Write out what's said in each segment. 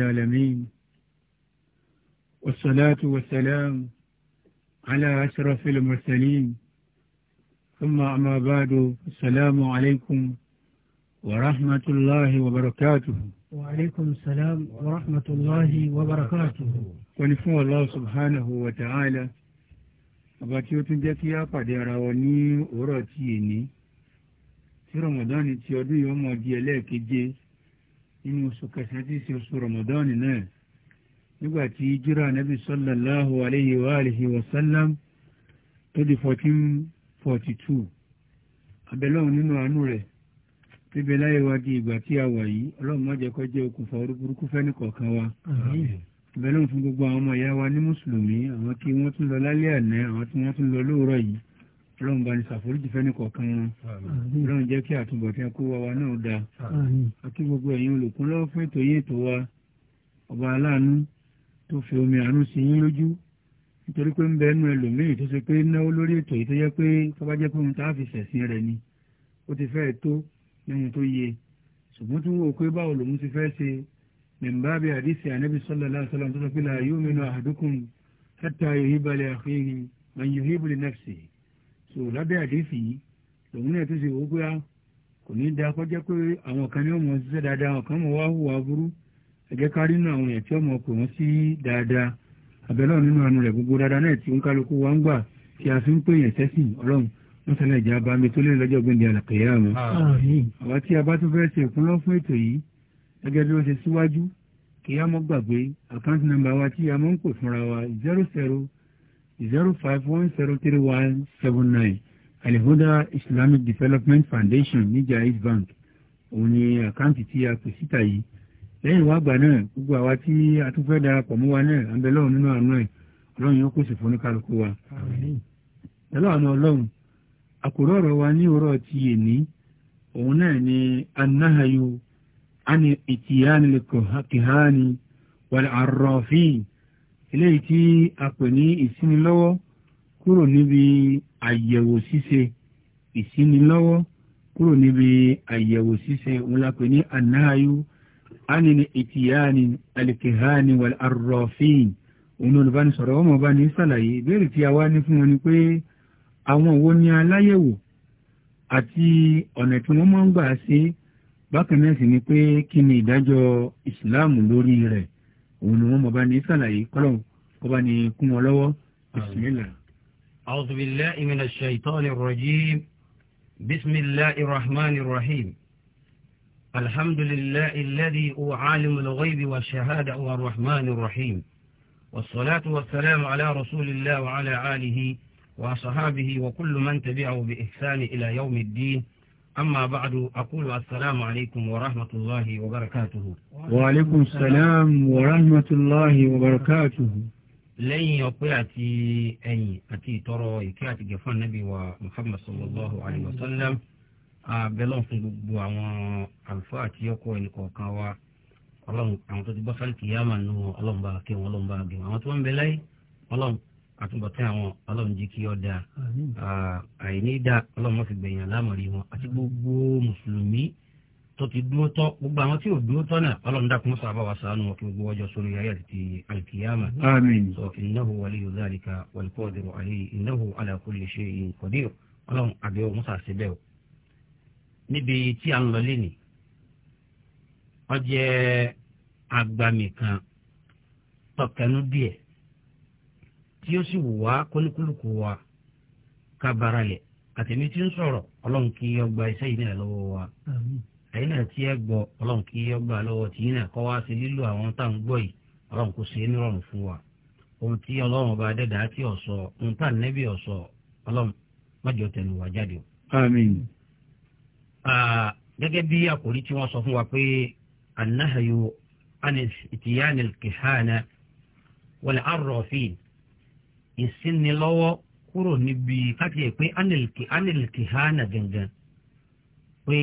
العالمين والصلاة والسلام على أشرف المرسلين ثم أما بعد السلام عليكم ورحمة الله وبركاته وعليكم السلام ورحمة الله وبركاته ونفو الله سبحانه وتعالى أباتي وتنجكي أقعد يراوني وراتيني في رمضان تيودي يوم ودي لك جيه nínú oṣù kẹsàn-án tí í ṣe oṣù rọmọdọ́ọ̀nì náà nígbà tí jíra nabi sallallahu alayhi wa alihi wa sallam tó di fourteen forty two abẹ́lọ́hùn nínú àánú rẹ̀ bíbi láyé wa di ìgbà tí a wà yìí ọlọ́run má jẹ́ kó jẹ́ okùnfà orí burúkú fẹ́ nìkọ̀ọ̀kan wa abẹ́lọ́hùn fún gbogbo àwọn ọmọ ìyá wa ní mùsùlùmí àwọn tí wọ́n tún lọ lálẹ́ àná àwọn tí wọ́n tún lọ lóòrọ̀ yìí ọlọ́run bá ní ṣàforíjì fẹ́ni kọ̀ọ̀kan wọn ọlọ́run jẹ́ kí àtúbọ̀tán kó wa wa náà dáa àti gbogbo ẹ̀yin olùkúnlọ́wọ́ fún ètò yín ètò wa ọba aláàánú tó fi omi àánú sí yín lójú nítorí pé ń bẹ ẹnu ẹlòmíì tó ṣe pé náwó lórí ètò yìí tó yẹ pé tó jẹ́ pé òun tá a fi ṣẹ̀sìn rẹ̀ ni ó ti fẹ́ tó níhun tó yẹ ṣùgbọ́n tí wọ́n wò pé báwo lòun ti fẹ́ ṣe mẹ̀mbábẹ́ àdìsí ànábì sallallahu alaihi wasallam tó sọ pé la yu'minu ahadukum hatta yuhibba li akhihi ma yuhibbu so lábẹ́ àdéhùn yìí lòun náà tún ṣe wò ó pé kò ní da kọjá pé àwọn kan ní ọmọ ṣiṣẹ́ dáadáa àwọn kan mọ̀ wá hùwà burú ẹ̀jẹ̀ kárí nínú àwọn èèyàn tí ọmọ pè wọ́n sí dáadáa àbẹ̀lọ́ nínú àánú rẹ̀ gbogbo dáadáa náà tí oníkálukú wa ń gbà tí a fi ń pè yẹn sẹ́sìn ọlọ́run wọ́n sẹ́lẹ̀ ìjà bá mi tó lé lọ́jọ́ gbẹ̀ndì àlàkèyà mọ́. àwa tí a bá tún fẹ́ẹ́ wa tí a zero five one zero three one seven nine alihuda islamic development foundation níjà east bank òun ni àkáǹtì tí a pè síta yìí lẹ́yìn wá gbà náà gbogbo àwa tí a tún fẹ́ darapọ̀ mọ́ wa náà àbẹ̀ lọ́wọ́ nínú àánú ẹ̀ ọlọ́run yóò pèsè fún oníkálukú wa. pẹ̀lú àna ọlọ́run àkòrò ọ̀rọ̀ wa ní òrọ̀ ti èní òun náà ni anahayu ani ìtìyánilẹ̀kọ̀ kìhání wàlẹ̀ àrọ̀fíì eléyìí tí a pè ní ìsínilọ́wọ́ kúrò níbi àyẹ̀wò ṣíṣe ìsínilọ́wọ́ kúrò níbi àyẹ̀wò ṣíṣe òun la pè ní anáyú ánìní ìtìyáni alìkèhání wà arọ̀fíìn òun olùbánisọ̀rọ̀ ọmọ bá ní sàlàyé ìbéèrè tí a wá ní fún wọn ni pé àwọn wo ni aláyẹ̀wò àti ọ̀nà tí wọ́n máa ń gbà ṣe bákan náà sì ni pé kí ni ìdájọ́ ìsìláàmù lórí rẹ̀ òun ni wọ́n mọ̀ bá ní sàlàyé kọ́lọ́hún kọ́ bá ní kún wọn lọ́wọ́ bismillah. أعوذ بالله من الشيطان الرجيم بسم الله الرحمن الرحيم الحمد لله الذي هو عالم الغيب والشهادة هو الرحمن الرحيم والصلاة والسلام على رسول الله وعلى آله وصحابه وكل من تبعه بإحسان إلى يوم الدين أما بعد أقول السلام عليكم ورحمة الله وبركاته وعليكم السلام ورحمة الله وبركاته lẹ́yìn ọpẹ́ àti ẹ̀yìn àti ìtọrọ ìkẹ́ àti gẹ̀fọ́n nàbí wa muhammad sallallahu alayhi wa sallam abẹ́lọ́n fún gbogbo àwọn àlùfáà àti ọkọ ẹnìkọ̀ọ̀kan wa ọlọ́run àwọn tó ti bọ́ sálì kìyàmà nù ọlọ́run bá kí wọn ọlọ́run bá gẹ̀ wọn àwọn tó ń bẹ láyé ọlọ́run àtúbọ̀tán àwọn ọlọ́run jí kí ọ da àìní da ọlọ́run fi gbẹ̀yìn alámọ̀rí wọn àti gbogbo mùsùlùmí tó ti dúró tọ́ gbogbo àwọn tí ò dúró tọ́ náà ọlọ́run dákun mọ́sá àbáwá sànù wọn kí gbogbo ọjọ́ sórí ayé àti alkiyama. àmín. sọ innahu waliyu dhalika wal qadiru alayhi innahu ala kulli shay'in qadir ọlọ́run àbẹ̀wò mọ́sá síbẹ̀ o. níbi tí a ń lọ léni ọjẹ́ agbami kan tọkẹnu díẹ̀ tí ó sì wù wá kólúkúlùkù wa ká bara lẹ̀ àtẹ̀mí tí ń sọ̀rọ̀ ọlọ́run kí ọgbà iṣẹ́ yìí náà lọ́wọ́ wa ẹ̀yin náà tí ẹ gbọ́ ọlọ́run kí ọgbà lọ́wọ́ tí yìí náà kọ́ wá sí lílo àwọn tá à ń gbọ́ yìí ọlọ́run kò ṣe é nírọ̀rùn fún wa ohun tí ọlọ́run ọba dẹ́dàá tí ọ̀sọ́ ohun tá à nẹ́bí ọ̀sọ́ ọlọ́run mọ́jọ tẹnu wá jáde o. gẹ́gẹ́ bí àkòrí tí wọ́n sọ fún wa pé anahayo anis ìtìyánil kìhánà wal arrafin ìsínilọ́wọ́ kúrò níbi káti ẹ̀ pé anilki hana gangan pé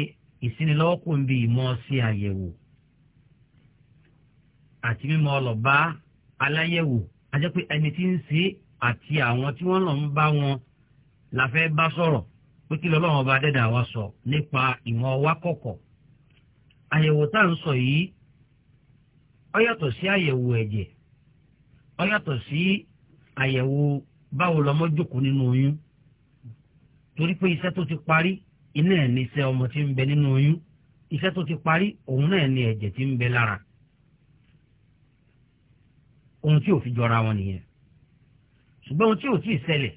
ìsínilọ́wọ́ kò ń bi ìmọ̀ sí àyẹ̀wò àti mímọ ọlọ́ba aláyẹ̀wò ajẹ́ pé ẹni tí ń ṣe àti àwọn tí wọ́n lọ ń bá wọn la fẹ́ bá sọ̀rọ̀ pé kí lọ́lọ́run ọba dẹ́dà wa sọ nípa ìmọ̀ wa kọ̀kọ̀ àyẹ̀wò tá à ń sọ yìí ó yàtọ̀ sí àyẹ̀wò ẹ̀jẹ̀ ó yàtọ̀ sí àyẹ̀wò báwo lọmọ jókòó nínú oyún torí pé iṣẹ́ tó ti parí iná ẹ̀ ní iṣẹ́ ọmọ tí ń bẹ nínú oyún iṣẹ́ tó ti parí òun náà ní ẹ̀jẹ̀ tí ń bẹ lára ohun tí ò fi jọra wọn nìyẹn ṣùgbọ́n ohun tí ò tí ì ṣẹlẹ̀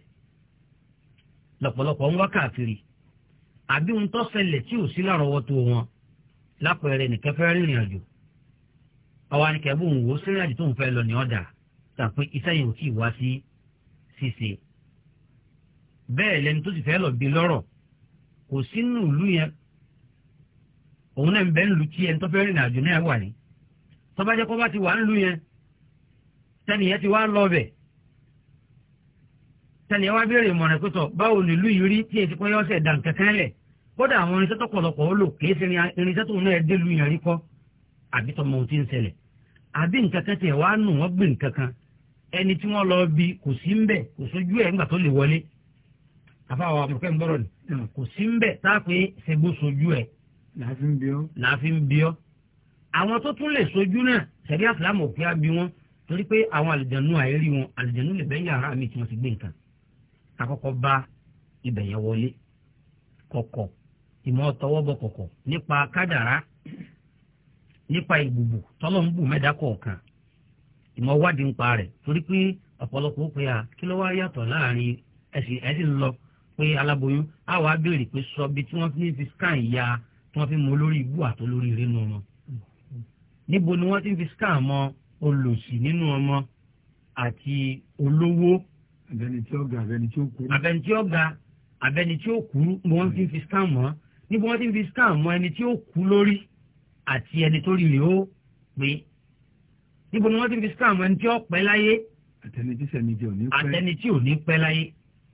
lọ́pọ̀lọpọ̀ ń wá káàkiri àbí ohun tó ṣẹlẹ̀ tí ò sí lárọ̀ọ́wọ́tó wọn lápẹẹrẹ nìkan fẹ́ rìnrìn àjò àwa nìkan bó wò ó sínú àjò tó fẹ́ lọ ní ọ̀dà tà pé iṣẹ́ yẹn ò tí ì wá sí ṣíṣe bẹ́ẹ̀ lẹni tó sì fẹ́ lọ gbé lọ́rọ̀ kò sínú ìlú yẹn òun náà ń bẹ ń lu tí ẹni tó fẹ́ rìnrìn àjò náà wà ní tọ́bajẹ́ kó bá ti wà ń lu yẹn tẹ́nìyẹn ti wá lọ bẹ̀ tẹ́nìyẹn wá béèrè ìmọ̀ràn pé tọ̀ báwo ni ìlú yìí rí tí èsì pé yọ́sẹ̀ dàn kankan lẹ̀ kódà àwọn irinṣẹ́ tó pọ̀lọpọ̀ ó lò kìí ṣe irinṣẹ́ tó náà dé lu yẹn rí kọ́ àbí tọmọ ohun ti ń ṣẹlẹ̀ àbí nǹkan kan tiẹ̀ wá nù wọ́n gbé nǹkan kan ẹni tí wọ́n lọ bi kò sí ń bẹ̀ kò sójú ẹ̀ ńgbà tó lè wọlé àfàwọn amọ̀kẹ́ ń gbọ́rọ̀ ni hmm. kò sí ń bẹ̀ tá a pé ṣègbó sójú ẹ̀ láàfin bí ọ́ àwọn tó tún lè sójú náà sẹ̀rí àfúlámù òkè àbí wọn torí pé àwọn àlìjẹ̀nu àìrí wọn àlìjẹ̀nu lè bẹ́ẹ̀ yàrá mi tí wọ́n ti gbé nǹkan kakọ́kọ́ bá ibẹ̀ yẹn wọlé kọ̀kọ̀ ìmọ̀ tọwọ́bọ̀ kọ̀kọ̀ nípa kádàrá nípa ìbùbù tọ́lọ́ ń bù mẹ́dá kọ̀ọ̀kan ìmọ̀ wádìí ń pa rẹ̀ torí pé ọ̀pọ̀lọpọ̀ ó pe à kí ló wá yàtọ̀ láàrin ẹ̀sìn ẹ̀sìn lọ pé aláboyún á wàá béèrè pé sọ bí tí wọ́n fi fi scan ya tí wọ́n fi mọ olórí ibú àtolórí rẹ̀ nù wọn. níbo ni wọ́n ti fi scan mọ olòṣì nínú ọmọ àti olówó abẹni tí ó ga abẹni tí ó kúrú abẹni tí ó ga abẹni tí ó kúrú ni wọ́n ti fi scan mọ́ níbo wọ́n ti fi scan mọ ẹni tí ó kú lórí àti ẹni tó rí rè ó pé níbo ni wọ́n ti fi scam ẹni tí ó pẹ́ láyé. àtẹni tí sẹni tí ò ní pẹ́ àtẹni tí ò ní pẹ́ láyé.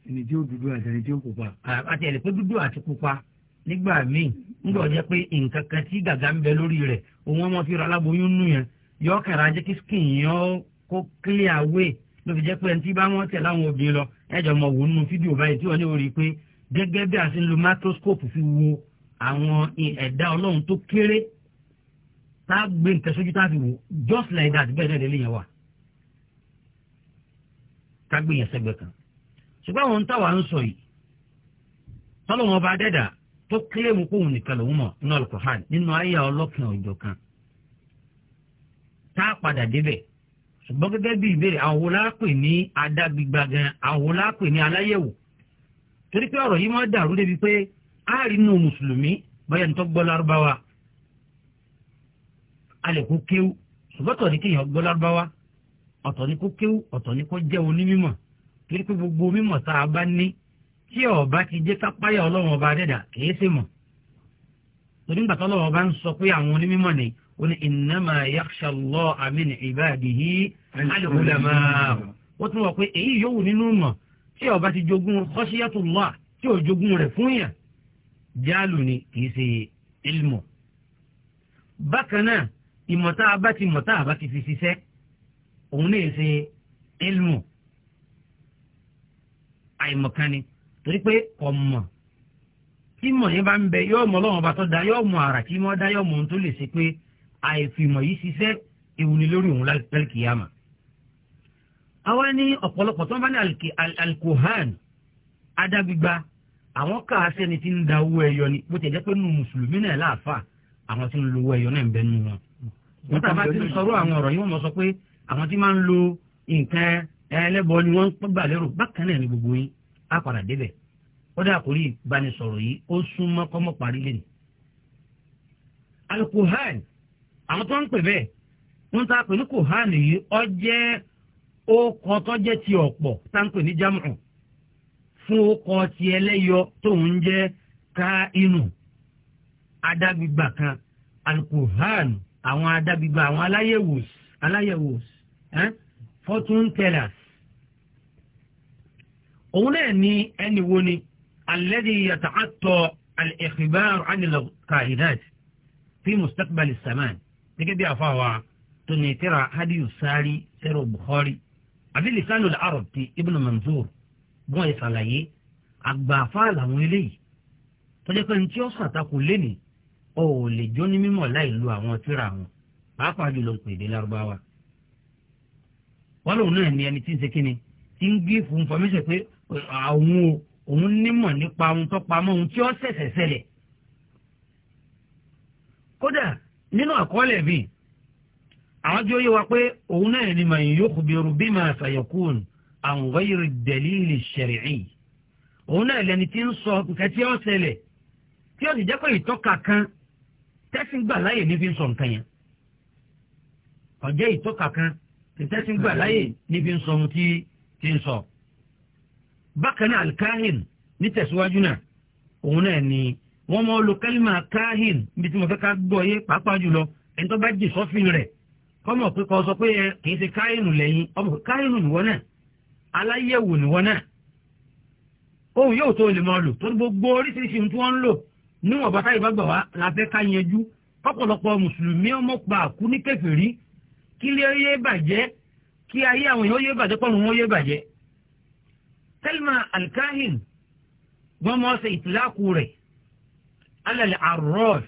ẹni tí ó dúdú àtẹni tí ó pupa. àti ẹni pé dúdú àti pupa nígbà míì nígbà jẹ́ pé nǹkan kan tí gàgà ń bẹ lórí rẹ̀ òun ọmọ fi ra aláboyún nù yẹn yọ kẹrẹ ajé kí skin yẹn kó clear way ló fi jẹ́ pé ẹni tí bá wọ́n tẹ̀ láwọn obìnrin lọ ẹ̀jọ̀ mọ̀ wò nínú fídíò báyìí tí wọ́n ní orí pé gẹ́gẹ́ bí a ṣe ń lo microscope fi wo àwọn ẹ̀dá ọlọ́run tó kéré tá a gbé nǹkan sójú tá a fi wò just like that bẹ́ẹ̀ náà lélẹ́yìn wa ká gbé yẹn sẹ́gbẹ̀ẹ́ kan ṣùgbọ́n àwọn táwa ń sọ yìí tọ́lọ́mọ ọba adẹ́dà tó kílẹ̀mù kóhùn nìkan lòún mọ̀ nínú alukohan nínú ayé ọlọ́kàn ọ̀jọ̀ kan tá a padà débẹ̀ ṣùgbọ́n gẹ́gẹ́ bí ìbéèrè àwọn lápè ní adágbígba gan àwọn lápè ní aláyẹ̀wò torí pé ọ̀rọ̀ yìí máa dàrú débi pé áàrínú mùsùlùmí báyà ń tọ́gbọ́ lárúbáwá a lè kó kéwú ṣùgbọ́n ọ̀tọ̀ ní kéèyàn gbọ́ lárúbáwá ọ̀tọ̀ ní kó kéwú ọ̀tọ̀ ní kó jẹ́ onímọ̀ torí pé gbogbo mímọ̀ tá a bá ní tí ọba ti jẹ́ kápáyà ọlọ́run ọba dẹ́dà kìí ṣe mọ̀ torí gbàtọ́ ọlọ́run ọba ń sọ pé àwọn onímọ̀ ni ó ní innama yakhsha Allaha min ibadihi al-ulama ó tún wọ pé èyí yòówù nínú mọ̀ tí ọba ti ìmọ̀tá abá ti mọ̀tá abá ti fi ṣiṣẹ́ òun náà ṣe ilmu àìmọ̀kánni torí pé ọ̀mọ̀ tí mọ̀ yẹn bá ń bẹ yóò mọ̀ lọ́wọ́ bá tó da yóò mọ̀ àrà tí mọ̀ dá yóò mọ̀ ohun tó lè ṣe pé àìfìmọ̀ yìí ṣiṣẹ́ ewu ni lórí òun lálkìyàmà. àwa ní ọ̀pọ̀lọpọ̀ tó ń bá ní alkohan adágbígba àwọn káàsẹ́ni ti ń da owó ẹyọ ni bó ti jẹ́ pé nù mùsùlùmí náà láàfà àwọn ti ń lo owó ẹyọ náà ń bẹ nù wọn. níta bá ti ń sọ̀rọ̀ àwọn ọ̀rọ̀ yìí wọ́n sọ pé àwọn tí máa ń lo nǹkan ẹlẹ́bọ ni wọ́n gbà lérò gbogbo yín á padà ó yìí ó alukohan àwọn tó ń pè bẹ́ẹ̀ wọ́n ta pè ní kohan yìí jẹ́ tó jẹ́ ti ọ̀pọ̀ tá ń pè ní jamu fún ti ẹlẹ́yọ tóun jẹ́ ká inú kan àwọn adábìgbà àwọn aláyẹ̀wò aláyẹ̀wò fortune tellers òun náà ni ẹni wo ni alẹ́dí yàtọ̀ àtọ̀ al-ikhbar anilọ kahidat fi mustaqbal saman gẹ́gẹ́ bí àfàwà tó ní tírà hadiyu sari sẹ́rọ̀ bukhari àbí lisanu arab ti ibn manzur bọ́n ìsàlàyé àgbàfà làwọn eléyìí tọ́jú pé ní tí ó sàtakùn lénìí o ò lè jó ní mímọ̀ láì lo àwọn tíra wọn pàápàá jùlọ pè dé lárúbáwá wọn lòun náà ní ẹni tí ń ṣe kíni tí ń gé fún information pé àwọn òun nímọ̀ nípa ohun tó pamọ́ ohun tí ó ṣẹ̀ṣẹ̀ ṣẹlẹ̀ kódà nínú àkọọ́lẹ̀ bíi àwọn jọ yé wa pé òun náà ni màá yóò kúbẹ̀rù bí màá sàyẹ̀kùn àwọn wáyé dẹ̀líìlì ṣẹ̀rìí òun náà lẹni tí ń sọ nǹkan tí ó ṣẹlẹ̀ tí ó sì jẹ́ pé ìtọ́ka kan tẹ́sìn gbà láyè ní fi ń sọ nǹkan yẹn ọ̀jẹ́ ìtọ́ka kan tí tẹ́sìn gbà láyè ní fi ń sọ ohun tí ti ń sọ. bákan náà alkahin ní tẹ̀síwájú náà òun náà ni wọ́n mọ̀ lo kálímà kahin níbi tí mo fẹ́ ká gbọ́ yé pàápàá jùlọ ẹni tó bá jì sọ́fìn rẹ̀ kọ́mọ̀ pé kọ́ sọ pé ẹ kìí ṣe káyínù lẹ́yìn ọmọ káyínù nìwọ náà aláyẹ̀wò nìwọ náà ohun yóò tó lè mọ lò tó gbogbo oríṣiríṣi ohun tí wọ́n ń lò níwọ̀n bàtà ìbágbà wa la fẹ́ ká yanjú kọ́pọ̀lọpọ̀ mùsùlùmí ọmọ pa àkú ní kèfèrí kí ilé yé bàjẹ́ kí ayé àwọn èèyàn yé bàjẹ́ pọ̀rùn wọn yé bàjẹ́. tẹ́lẹ̀mà alkahin wọ́n mọ̀ ṣe ìtìláàkù rẹ̀ alẹ́ arọ́f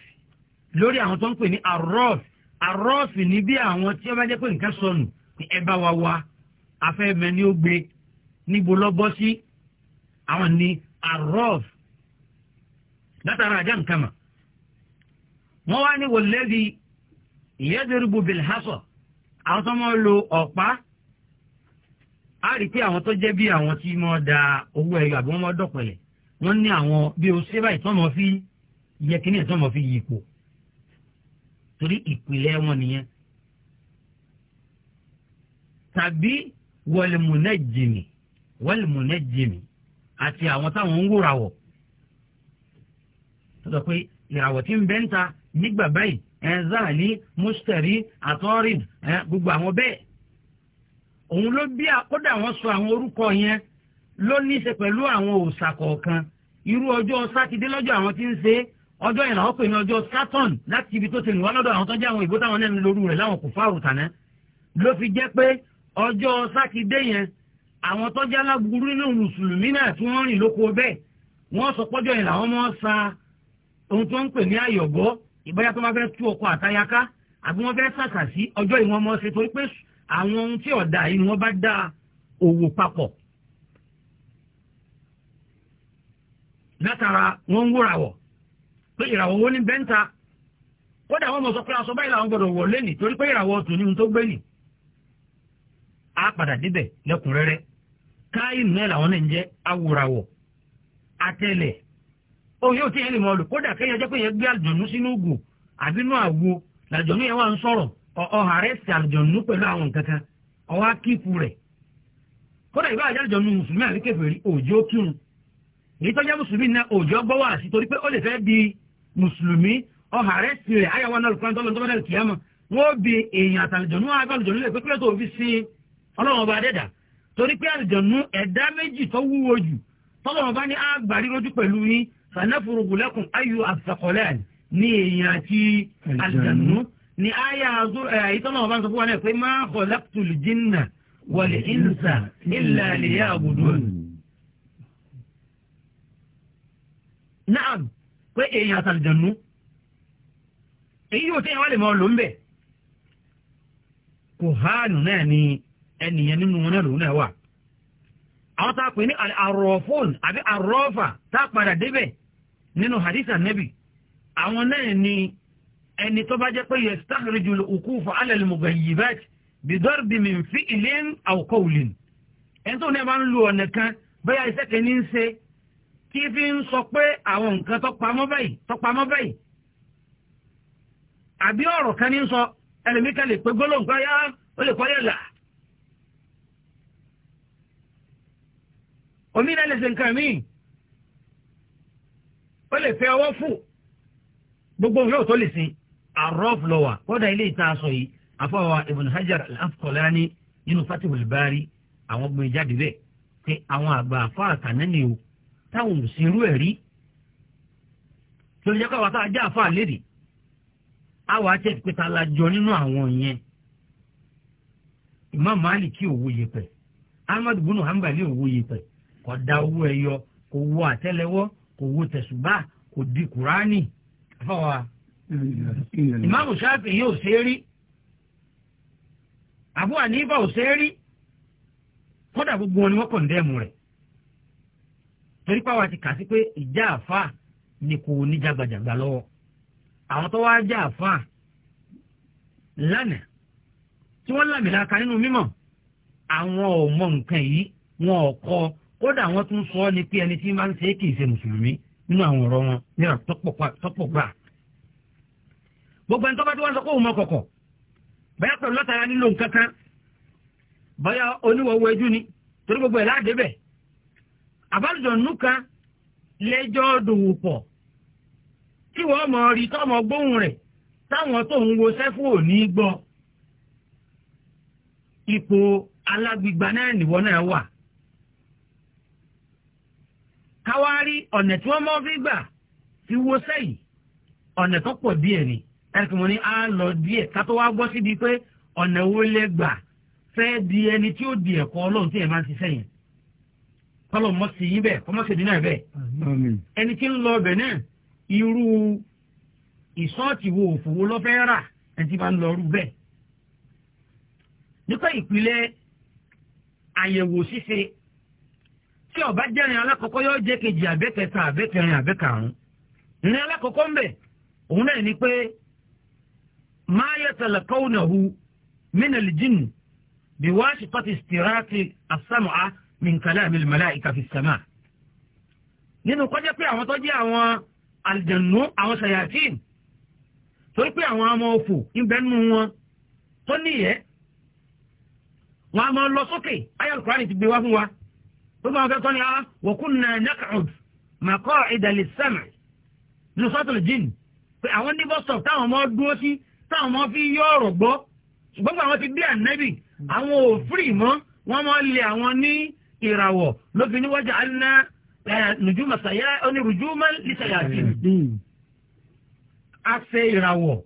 lórí àwọn tó ń pè ní arọ́f arọ́f ní bí àwọn tí wọ́n bá jẹ́ pé nǹkan sọnù ní ẹ wa wa afẹ́ mẹ́ni ó gbé níbo lọ́bọ́ sí àwọn ní arọ́f látara ajá nǹkan mà wọ́n wá ní wòlẹ́bí ìyẹ́dẹ̀rúbù bilhasọ̀ àwọn tó máa lo ọ̀pá á rí i pé àwọn tó jẹ́ bí àwọn tí wọ́n da owó ẹyọ àbí wọ́n máa dọ̀pẹ̀lẹ̀ wọ́n ní àwọn bí o ṣé báyìí tó máa fi yẹ kí ni ẹ̀ tó máa fi yí ipò torí ìpìlẹ̀ wọn nìyẹn tàbí wọlmùnẹ́jìmì wọlmùnẹ́jìmì àti àwọn táwọn ń wúra wọ̀ tó sọ pé ìràwọ̀ tí ń bẹ́ ń ta nígbà báyìí ẹ̀ záàlì mustari atọ́rìd ẹ̀ gbogbo àwọn bẹ́ẹ̀ òun ló bí àkódà wọn sọ àwọn orúkọ yẹn ló ní í ṣe pẹ̀lú àwọn òòṣà kọ̀ọ̀kan irú ọjọ́ sátidé lọ́jọ́ àwọn tí ń ṣe ọjọ́ yẹn làwọn pè ní ọjọ́ saturn láti ibi tó ti nìwá lọ́dọ̀ àwọn tó jẹ́ àwọn ìbò táwọn náà ń lorú rẹ̀ láwọn kò fáwọn tàná ló fi jẹ́ pé ọjọ́ sátidé yẹn àwọn tó alágbúrú nínú mùsùlùmí náà tí wọ́n rìn lóko bẹ́ẹ̀ wọ́n sọ pọ́jọ́ yẹn mọ́ sa ohun tó ń pè ní àyọ̀bọ́ ìbáyà tó máa fẹ́ tú ọkọ̀ àtayáká àbí wọ́n fẹ́ sàkàsí ọjọ́ ìwọ̀n ọmọ ṣe torí pé àwọn ohun tí ọ̀dà yìí ni wọ́n bá dá òwò papọ̀ látara wọ́n ń wúrawọ̀ pé ìràwọ̀ owó ní bẹ́ńta kódà wọ́n mọ̀ sọ pé aṣọ báyìí làwọn gbọ́dọ̀ wọ̀ lẹ́nì torí pé ìràwọ̀ ọ̀tún ní ohun tó gbé nì ó yóò tí yẹn lè mọ lò kódà kéèyàn jẹ́ pé yẹn gbé àlùjọ̀nú sínú ògùn àbínú àwo làlùjọ̀nú yẹn wà ń sọ̀rọ̀ ọ̀hà rẹ̀ sì àlùjọ̀nú pẹ̀lú àwọn nǹkan kan ọwọ́ akíkù rẹ̀ kódà ìbá àjẹ́ àlùjọ̀nú mùsùlùmí àbí kèfèrí òjò kírun èyí tó jẹ́ mùsùlùmí náà òjò gbọ́wọ́ àti torí pé ó lè fẹ́ di mùsùlùmí ọ̀hà rẹ̀ sì rẹ̀ ayọ̀wọ́ náà lùkọ́ tọ́lọ́ tọ́lọ́ kìámà wọ́n bi èèyàn àtàlùjọ̀nú àgbàlùjọ̀nú lè pé kílẹ̀ tó fi sin ọlọ́run ọba adẹ́dà torí pé àlùjọ̀nú ẹ̀dá méjì tó wúwo jù tọ́lọ́run ọba sanafurugu lakum ayu asaqalan ní èèyàn àti àjànú ní àyà ìtọ́nà ọba ń sọ fún wa náà pé ma khalaqtul jinna wal insa illa liya'budun. naam pé èèyàn àti àjànú èyí yóò tẹ́yìn wá lè máa lò ń bẹ̀. kò ni ẹnìyẹn nínú wọn náà lòun náà wà. àwọn tá a pè ní àrọ̀fóòn àbí àrọ̀fà tá a padà débẹ̀ nínú haditha nabi àwọn náà ni ẹni tó bá jẹ́ pé yastakhriju al-wuqufa ala al-mughayyibat bidarbi min fi'lin aw qawlin ẹni tó náà bá ń lu ọ̀nà kan bóyá iṣẹ́ kẹ́ni ń ṣe kí fi ń sọ pé àwọn nǹkan tó pamọ́ àbí ọ̀rọ̀ kan ní sọ ẹlẹ́mìkan lè pé gbólóhùn yá ó lè kọ́ yẹ̀ là. omi náà lè ṣe nǹkan míì ó lè fẹ́ ọwọ́ fò gbogbo yóò tó lè sin arọ́f kọda kọ́dà ilé ìta yìí afọwọ́ ibn hajar al nínú bari àwọn gbé jáde bẹ́ẹ̀ pé àwọn àgbà afọ àtànẹ́ni o táwọn ò sí irú ẹ̀ rí lórí a afọ àlérè àwọn àti ẹ̀pẹ́ta la jọ nínú àwọn yẹn imam maliki owó yẹ pẹ̀ ahmad bunu yẹ pẹ̀ owó kò wo tẹ̀sùbá kò di kùránì fọwọ́ ìmáàmù sáfì yóò ṣe é rí àbúrò àníbà ò ṣe é rí kódà gbogbo wọn ni wọ́n kọ̀ǹdẹ́mù rẹ̀ torí pàwọn ti kà sí pé ìjà àfa ni kò ní jagbajàgba lọ́wọ́ àwọn tó wáá já àfa lánàá tí wọ́n lámìlaka nínú mímọ̀ àwọn ò mọ nǹkan yìí wọn ò kọ́ ọ kódà wọ́n tún sọ ni pé ẹni tí máa ń ṣe kì í ṣe mùsùlùmí nínú àwọn ọ̀rọ̀ wọn nígbà tọ́pọ̀ gbà. gbogbo ẹni tó bá tí wọ́n sọ pé mọ látara nílò gbogbo àbálùjọ nùkà dòwò tí rí gbóhùn táwọn tó ń wo òní káwárí ọ̀nà tí wọ́n mọ́ fi gbà fi wo sẹ́yìn ọ̀nà tó pọ̀ díẹ̀ ni ẹ̀rìkì mo ní á lọ díẹ̀ ká tó wá gbọ́ síbi pé ọ̀nà wo lè gbà fẹ́ di ẹni tí ó di ẹ̀kọ́ ọlọ́run tí ẹ̀ máa ń ṣiṣẹ́ yẹn kọ́lọ̀ mọ́ sí yín bẹ́ẹ̀ kọ́mọ́ sí dínà bẹ́ẹ̀ ẹni tí ń lọ ọbẹ̀ náà irú ìsọ́ọ̀tì wo òfòwò lọ́fẹ́ rà ẹni tí máa ń lọ rú bẹ́ẹ̀ nípa ìpìlẹ̀ àyẹ̀wò ṣíṣe tí ó bá jẹ́rin alákọ̀ọ́kọ́ yóò jẹ́ kejì àbẹ́kẹta àbẹ́kẹrin àbẹ́karùn ní alákọ̀ọ́kọ́ ń bẹ̀ òun náà ni pé máa yẹ tẹ̀lẹ̀ kọ́ọ̀nàhu mínàlì jìnnù bí wàá ṣe tọ́tì stirati àsámùá mìǹkàlẹ́ àmìlì màláìka fi sàmà. nínú kọjá pé àwọn tó jẹ́ àwọn àlìjànú àwọn sàyàtìn torí pé àwọn ọmọ òfò ibẹ̀ wọn tó níyẹ́ wọn a máa lọ sókè ayélujára ti gbé wá fún wa gbogbo àwọn akẹ́kọ̀ọ́ ni a wọ̀kúnnà nak'ud maqa'ida lis-sam' nínú sọ́tòlù jìn pé àwọn ní bọ́sọ̀ táwọn ọmọ dúró sí táwọn ọmọ fi yọ ọ̀rọ̀ gbọ́ ṣùgbọ́n àwọn ti bí ànábì àwọn ò fírì mọ́ wọ́n mọ́ lé àwọn ní ìràwọ̀ ló fi níwájú àná nùjúmọ̀ sàyà onírùjúmọ̀ lìsàyàtì àṣẹ ìràwọ̀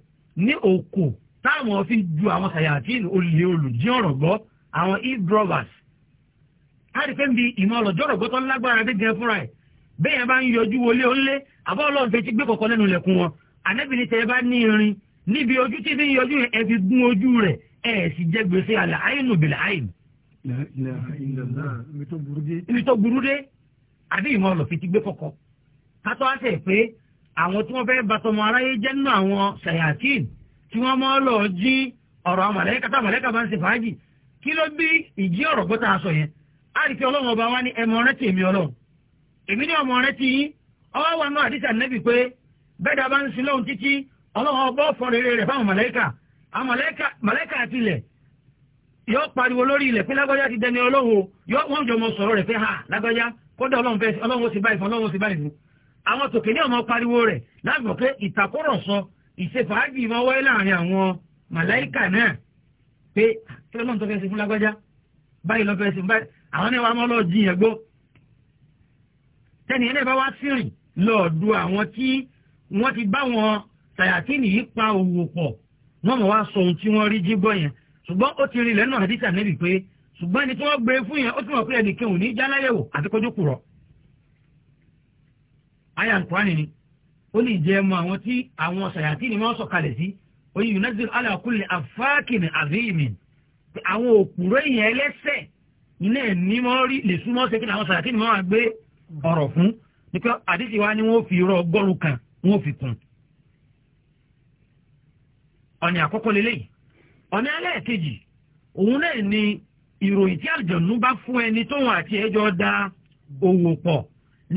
ní òkò táwọn fi ju àwọn sàyàtì olè olùjí ọ̀rọ̀ gbọ́ àwọn e-drovers àrífẹ́ ń bi ìmọ̀ ọlọ́jọ́rọ̀ gbọ́tọ́ lágbára dé gan fúnra ẹ̀ bẹ́ẹ̀ yẹn bá ń yọjú wọlé ọ̀nlé àbọ̀ ọlọ́run fetí gbé kọ̀ọ̀kan lẹ́nu ilẹ̀kùn wọn ànẹ́bìnrin tẹ́ ẹ bá ní irin níbi ojú tí fi ń yọjú yẹn ẹ fi gún ojú rẹ̀ ẹ sì jẹ́ gbèsè àlẹ́ àyínú bìlẹ̀ àyìn. ibi tó burú dé àbí ìmọ̀ ọlọ́ fetí gbé kọ̀ọ̀kan àríkẹ́ ọlọ́run ọba wa ni ẹ̀mọ rántí èmi ọlọ́run èmi ni ọmọ rántí yín ọwọ́ wa náà àdìsá nẹ́bì pé bẹ́ẹ̀ dábàá ń sin lọ́hùn títí ọlọ́run ọba ọ̀fọ̀ rere rẹ̀ fáwọn màlẹ́kà yọ pariwo lórí ilẹ̀ pé lágbájá ti dẹni ọlọ́run yọ wọ́n jọ mọ sọ̀rọ̀ rẹ̀ ha lágbájá kódà ọlọ́run báyìí fún àwọn ẹni wa mọ́ lọ jiyàn gbó tẹ́ni ẹni bá wá sírìn lọ́ọ̀dù àwọn tí wọ́n ti bá wọn sàyàtìnì yìí pa òwò pọ̀ wọ́n mọ̀ wá sọ ohun tí wọ́n rí jí gbọ́ yẹn ṣùgbọ́n ó ti rí ilẹ̀ náà àdìsá níbi pé ṣùgbọ́n ẹni tí wọ́n gbé fún yẹn ó ti mọ̀ pé ẹnì kẹhùn ní jáláyẹ̀wò àti kọjú kùrọ̀. aya nkwani ni ó lè jẹ́ mọ àwọn tí àwọn sàyàtìnì máa ń sọ̀kalẹ̀ sí oyin yunazil ala kulli afáàkìn àwọn òkúrò yẹn ẹlẹ́sẹ̀ iná ẹ̀ ní mọ́ rí lè súnmọ́ ṣe kí làwọn sàràkí ni wọ́n wá gbé ọ̀rọ̀ fún ni pé àdìsí wa ni wọ́n fi rọ ọgọ́rùn kan wọ́n fi kún. ọ̀nà àkọ́kọ́ lélẹ́yìí ọ̀nà ẹlẹ́ẹ̀kejì òun náà ni ìròyìn tí àjọ̀nú bá fún ẹni tóun àti ẹjọ́ da òwò pọ̀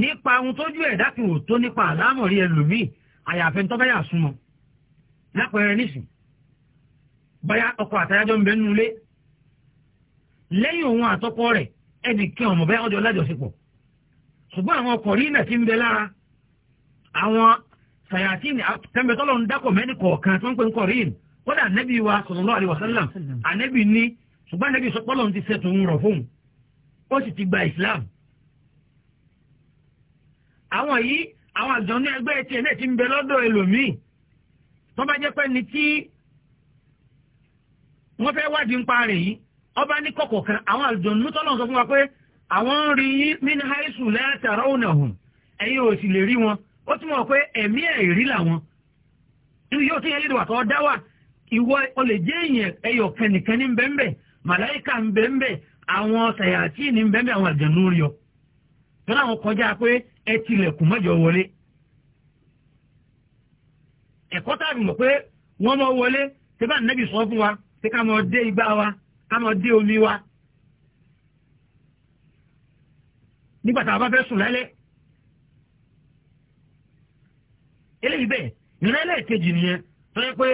nípa ohun tójú ẹ̀dá kì wò tó nípa àlámọ̀rí ẹlòmíì àyàfẹ́ tó bá súnmọ́ lápẹẹrẹ nísìn báyà ọkọ àtàyájọ́ ń bẹ lẹ́yìn òun àtọkọ rẹ̀ ẹnì kí ọmọ bẹ́ẹ̀ ọjọ́ lájọṣepọ̀ ṣùgbọ́n àwọn ọkọ̀ rí náà ti ń bẹ lára àwọn sàyàtìní tẹ́mbẹ́tọ́lọ́ ń dákọ̀ mẹ́ni kọ̀ọ̀kan tó ń pè ń kọ̀ rí kódà nẹ́bí wa sallallahu alaihi wasallam ànẹ́bí ní ṣùgbọ́n ànẹ́bí sọpọ́lọ́ ti ṣètò ń rọ̀ fóun ó sì ti gba Islam àwọn yìí àwọn àjọ ní ẹgbẹ́ tiẹ̀ náà ti ń bẹ lọ́dọ̀ ẹlòmíì tó bá jẹ́ pẹ́ ni tí wọ́n fẹ́ wádìí ń pa yìí ọba ní kọ̀kọ̀ kan àwọn àlùjọ̀nù tọ́lọ̀ sọ fún wa pé àwọn ń rí min haisu la tarawnahum ẹ̀yin ò sì lè rí wọn ó túmọ̀ pé ẹ̀mí ẹ̀ rí làwọn inú yóò tún yẹ lédè wà tó dá wà ìwọ o lè jẹ́ èèyàn ẹyọ kẹnìkan ní bẹ́ẹ̀nbẹ́ màláìka ń bẹ́ẹ̀nbẹ́ àwọn sàyàtì ní bẹ́ẹ̀nbẹ́ àwọn àlùjọ̀nù rí ọ tó láwọn kọjá pé ẹ tilẹ̀kùn mọ́jọ wọlé ẹ̀kọ́ tàbí mọ̀ pé wọ́n mọ wọlé tí bá sọ fún wa tí ká mọ dé igbá wa àmọ́ dé omi wa nígbà tá a bá fẹ́ sùn lálẹ́ eléyìí bẹ́ẹ̀ ìran ẹlẹ́ẹ̀kejì nìyẹn tó yẹ pé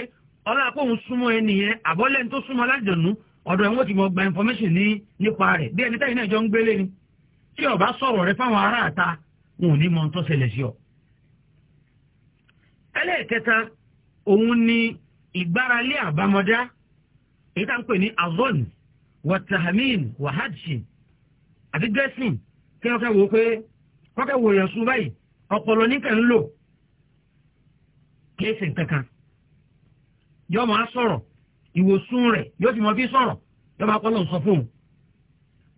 ọlọ́run kò ń súnmọ́ ẹ nìyẹn àbọ̀lẹ́ ní tó súnmọ́ aládùnnú ọ̀dọ̀ ẹ̀ wọ́n ti mọ̀ gba information ní ni tí ọba sọ̀rọ̀ rẹ fáwọn aráàta wọn ò ní mọ ẹlẹ́ẹ̀kẹta ni ìgbáralé àbámọ́dá èyí tá à ń pè ní azon watahamin wahadshi àti dressing kí wọ́n fẹ́ wò ó pé wọ́n fẹ́ wò yẹn sùn báyìí ọpọlọ níkà ń lò kéèsì kankan yóò máa sọ̀rọ̀ ìwòsùn rẹ̀ yóò sì mọ bí sọ̀rọ̀ yóò máa pọ́nlọ́ sọ fún un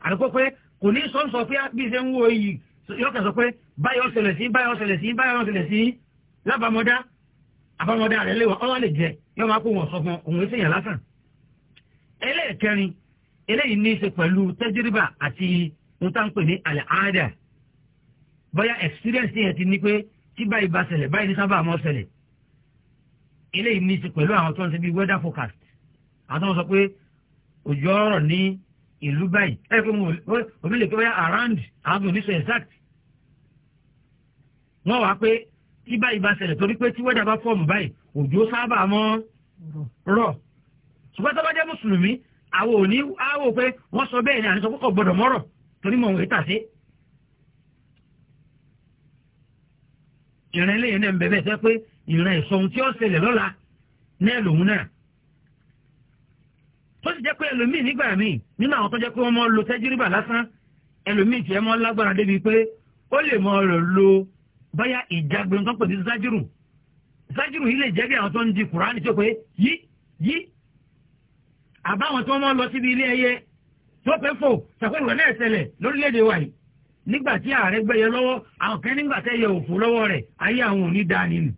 àdúgbò pé kò ní sọ ń sọ pé bí ṣe ń wo yìí yóò kẹ́ pé báyọ̀ ṣẹlẹ̀ sí báyọ̀ ṣẹlẹ̀ sí báyọ̀ ṣẹlẹ̀ sí lábàmọ́dá àbámọ́dá rẹ̀ lè wà ọ́n lè jẹ yóò máa kó wọn sọ fún òun èsì lásán ẹlẹ́ẹ̀kẹrin eléyìí ní í ṣe pẹ̀lú tẹ́jírìbà àti ntáǹpẹ̀ ní àlẹ́ àádà bóyá experience yẹn ti ní pé tí báyìí bá ṣẹlẹ̀ báyìí ní sábà máa ṣẹlẹ̀ eléyìí ní í ṣe pẹ̀lú àwọn tó ń ṣe bíi weather forecast àwọn tó ń sọ pé òjò ọ̀rọ̀ ní ìlú báyìí ẹ pé mo omi lè pé bóyá around àwọn tó ní sọ exact wọ́n wá pé tí báyìí bá ṣẹlẹ̀ torí pé tí weather bá fọ́ọ̀mù báyìí òjò sábà máa rọ̀ ṣùgbọ́n tó bá jẹ́ mùsùlùmí àwọn ò ní pé wọ́n sọ bẹ́ẹ̀ ni àní sọ púpọ̀ gbọ́dọ̀ mọ́rọ̀ torí mọ̀ òun ìtàsí. ìran eléyìí náà ń bẹ̀bẹ̀ sẹ́ pé ìran ìsọ̀hun tí ó ṣẹlẹ̀ lọ́la náà lòun náà. tó sì jẹ́ pé ẹlòmíì nígbà míì nínú àwọn tó jẹ́ pé wọ́n mọ́ lo tẹ́júrìbà lásán ẹlòmíì tiẹ̀ mọ́ lágbára débi pé ó lè mọ́ rẹ̀ lo báyà ìjagbọ̀n tó pè ní zájúrù zájúrù yìí lè jẹ́ bí àwọn tó ń di kùránì tó pé yí yí àbáwọn tí wọ́n máa ń lọ síbi ilé ẹyẹ tó pẹ́ fò ṣàkóso rẹ̀ náà ṣẹlẹ̀ lórílẹ̀‐èdè wa yìí nígbà tí ààrẹ gbẹ̀yẹ lọ́wọ́ àwọn kan nígbà tẹ́yẹ òfò lọ́wọ́ rẹ̀ ayé àwọn ò ní dáa nínú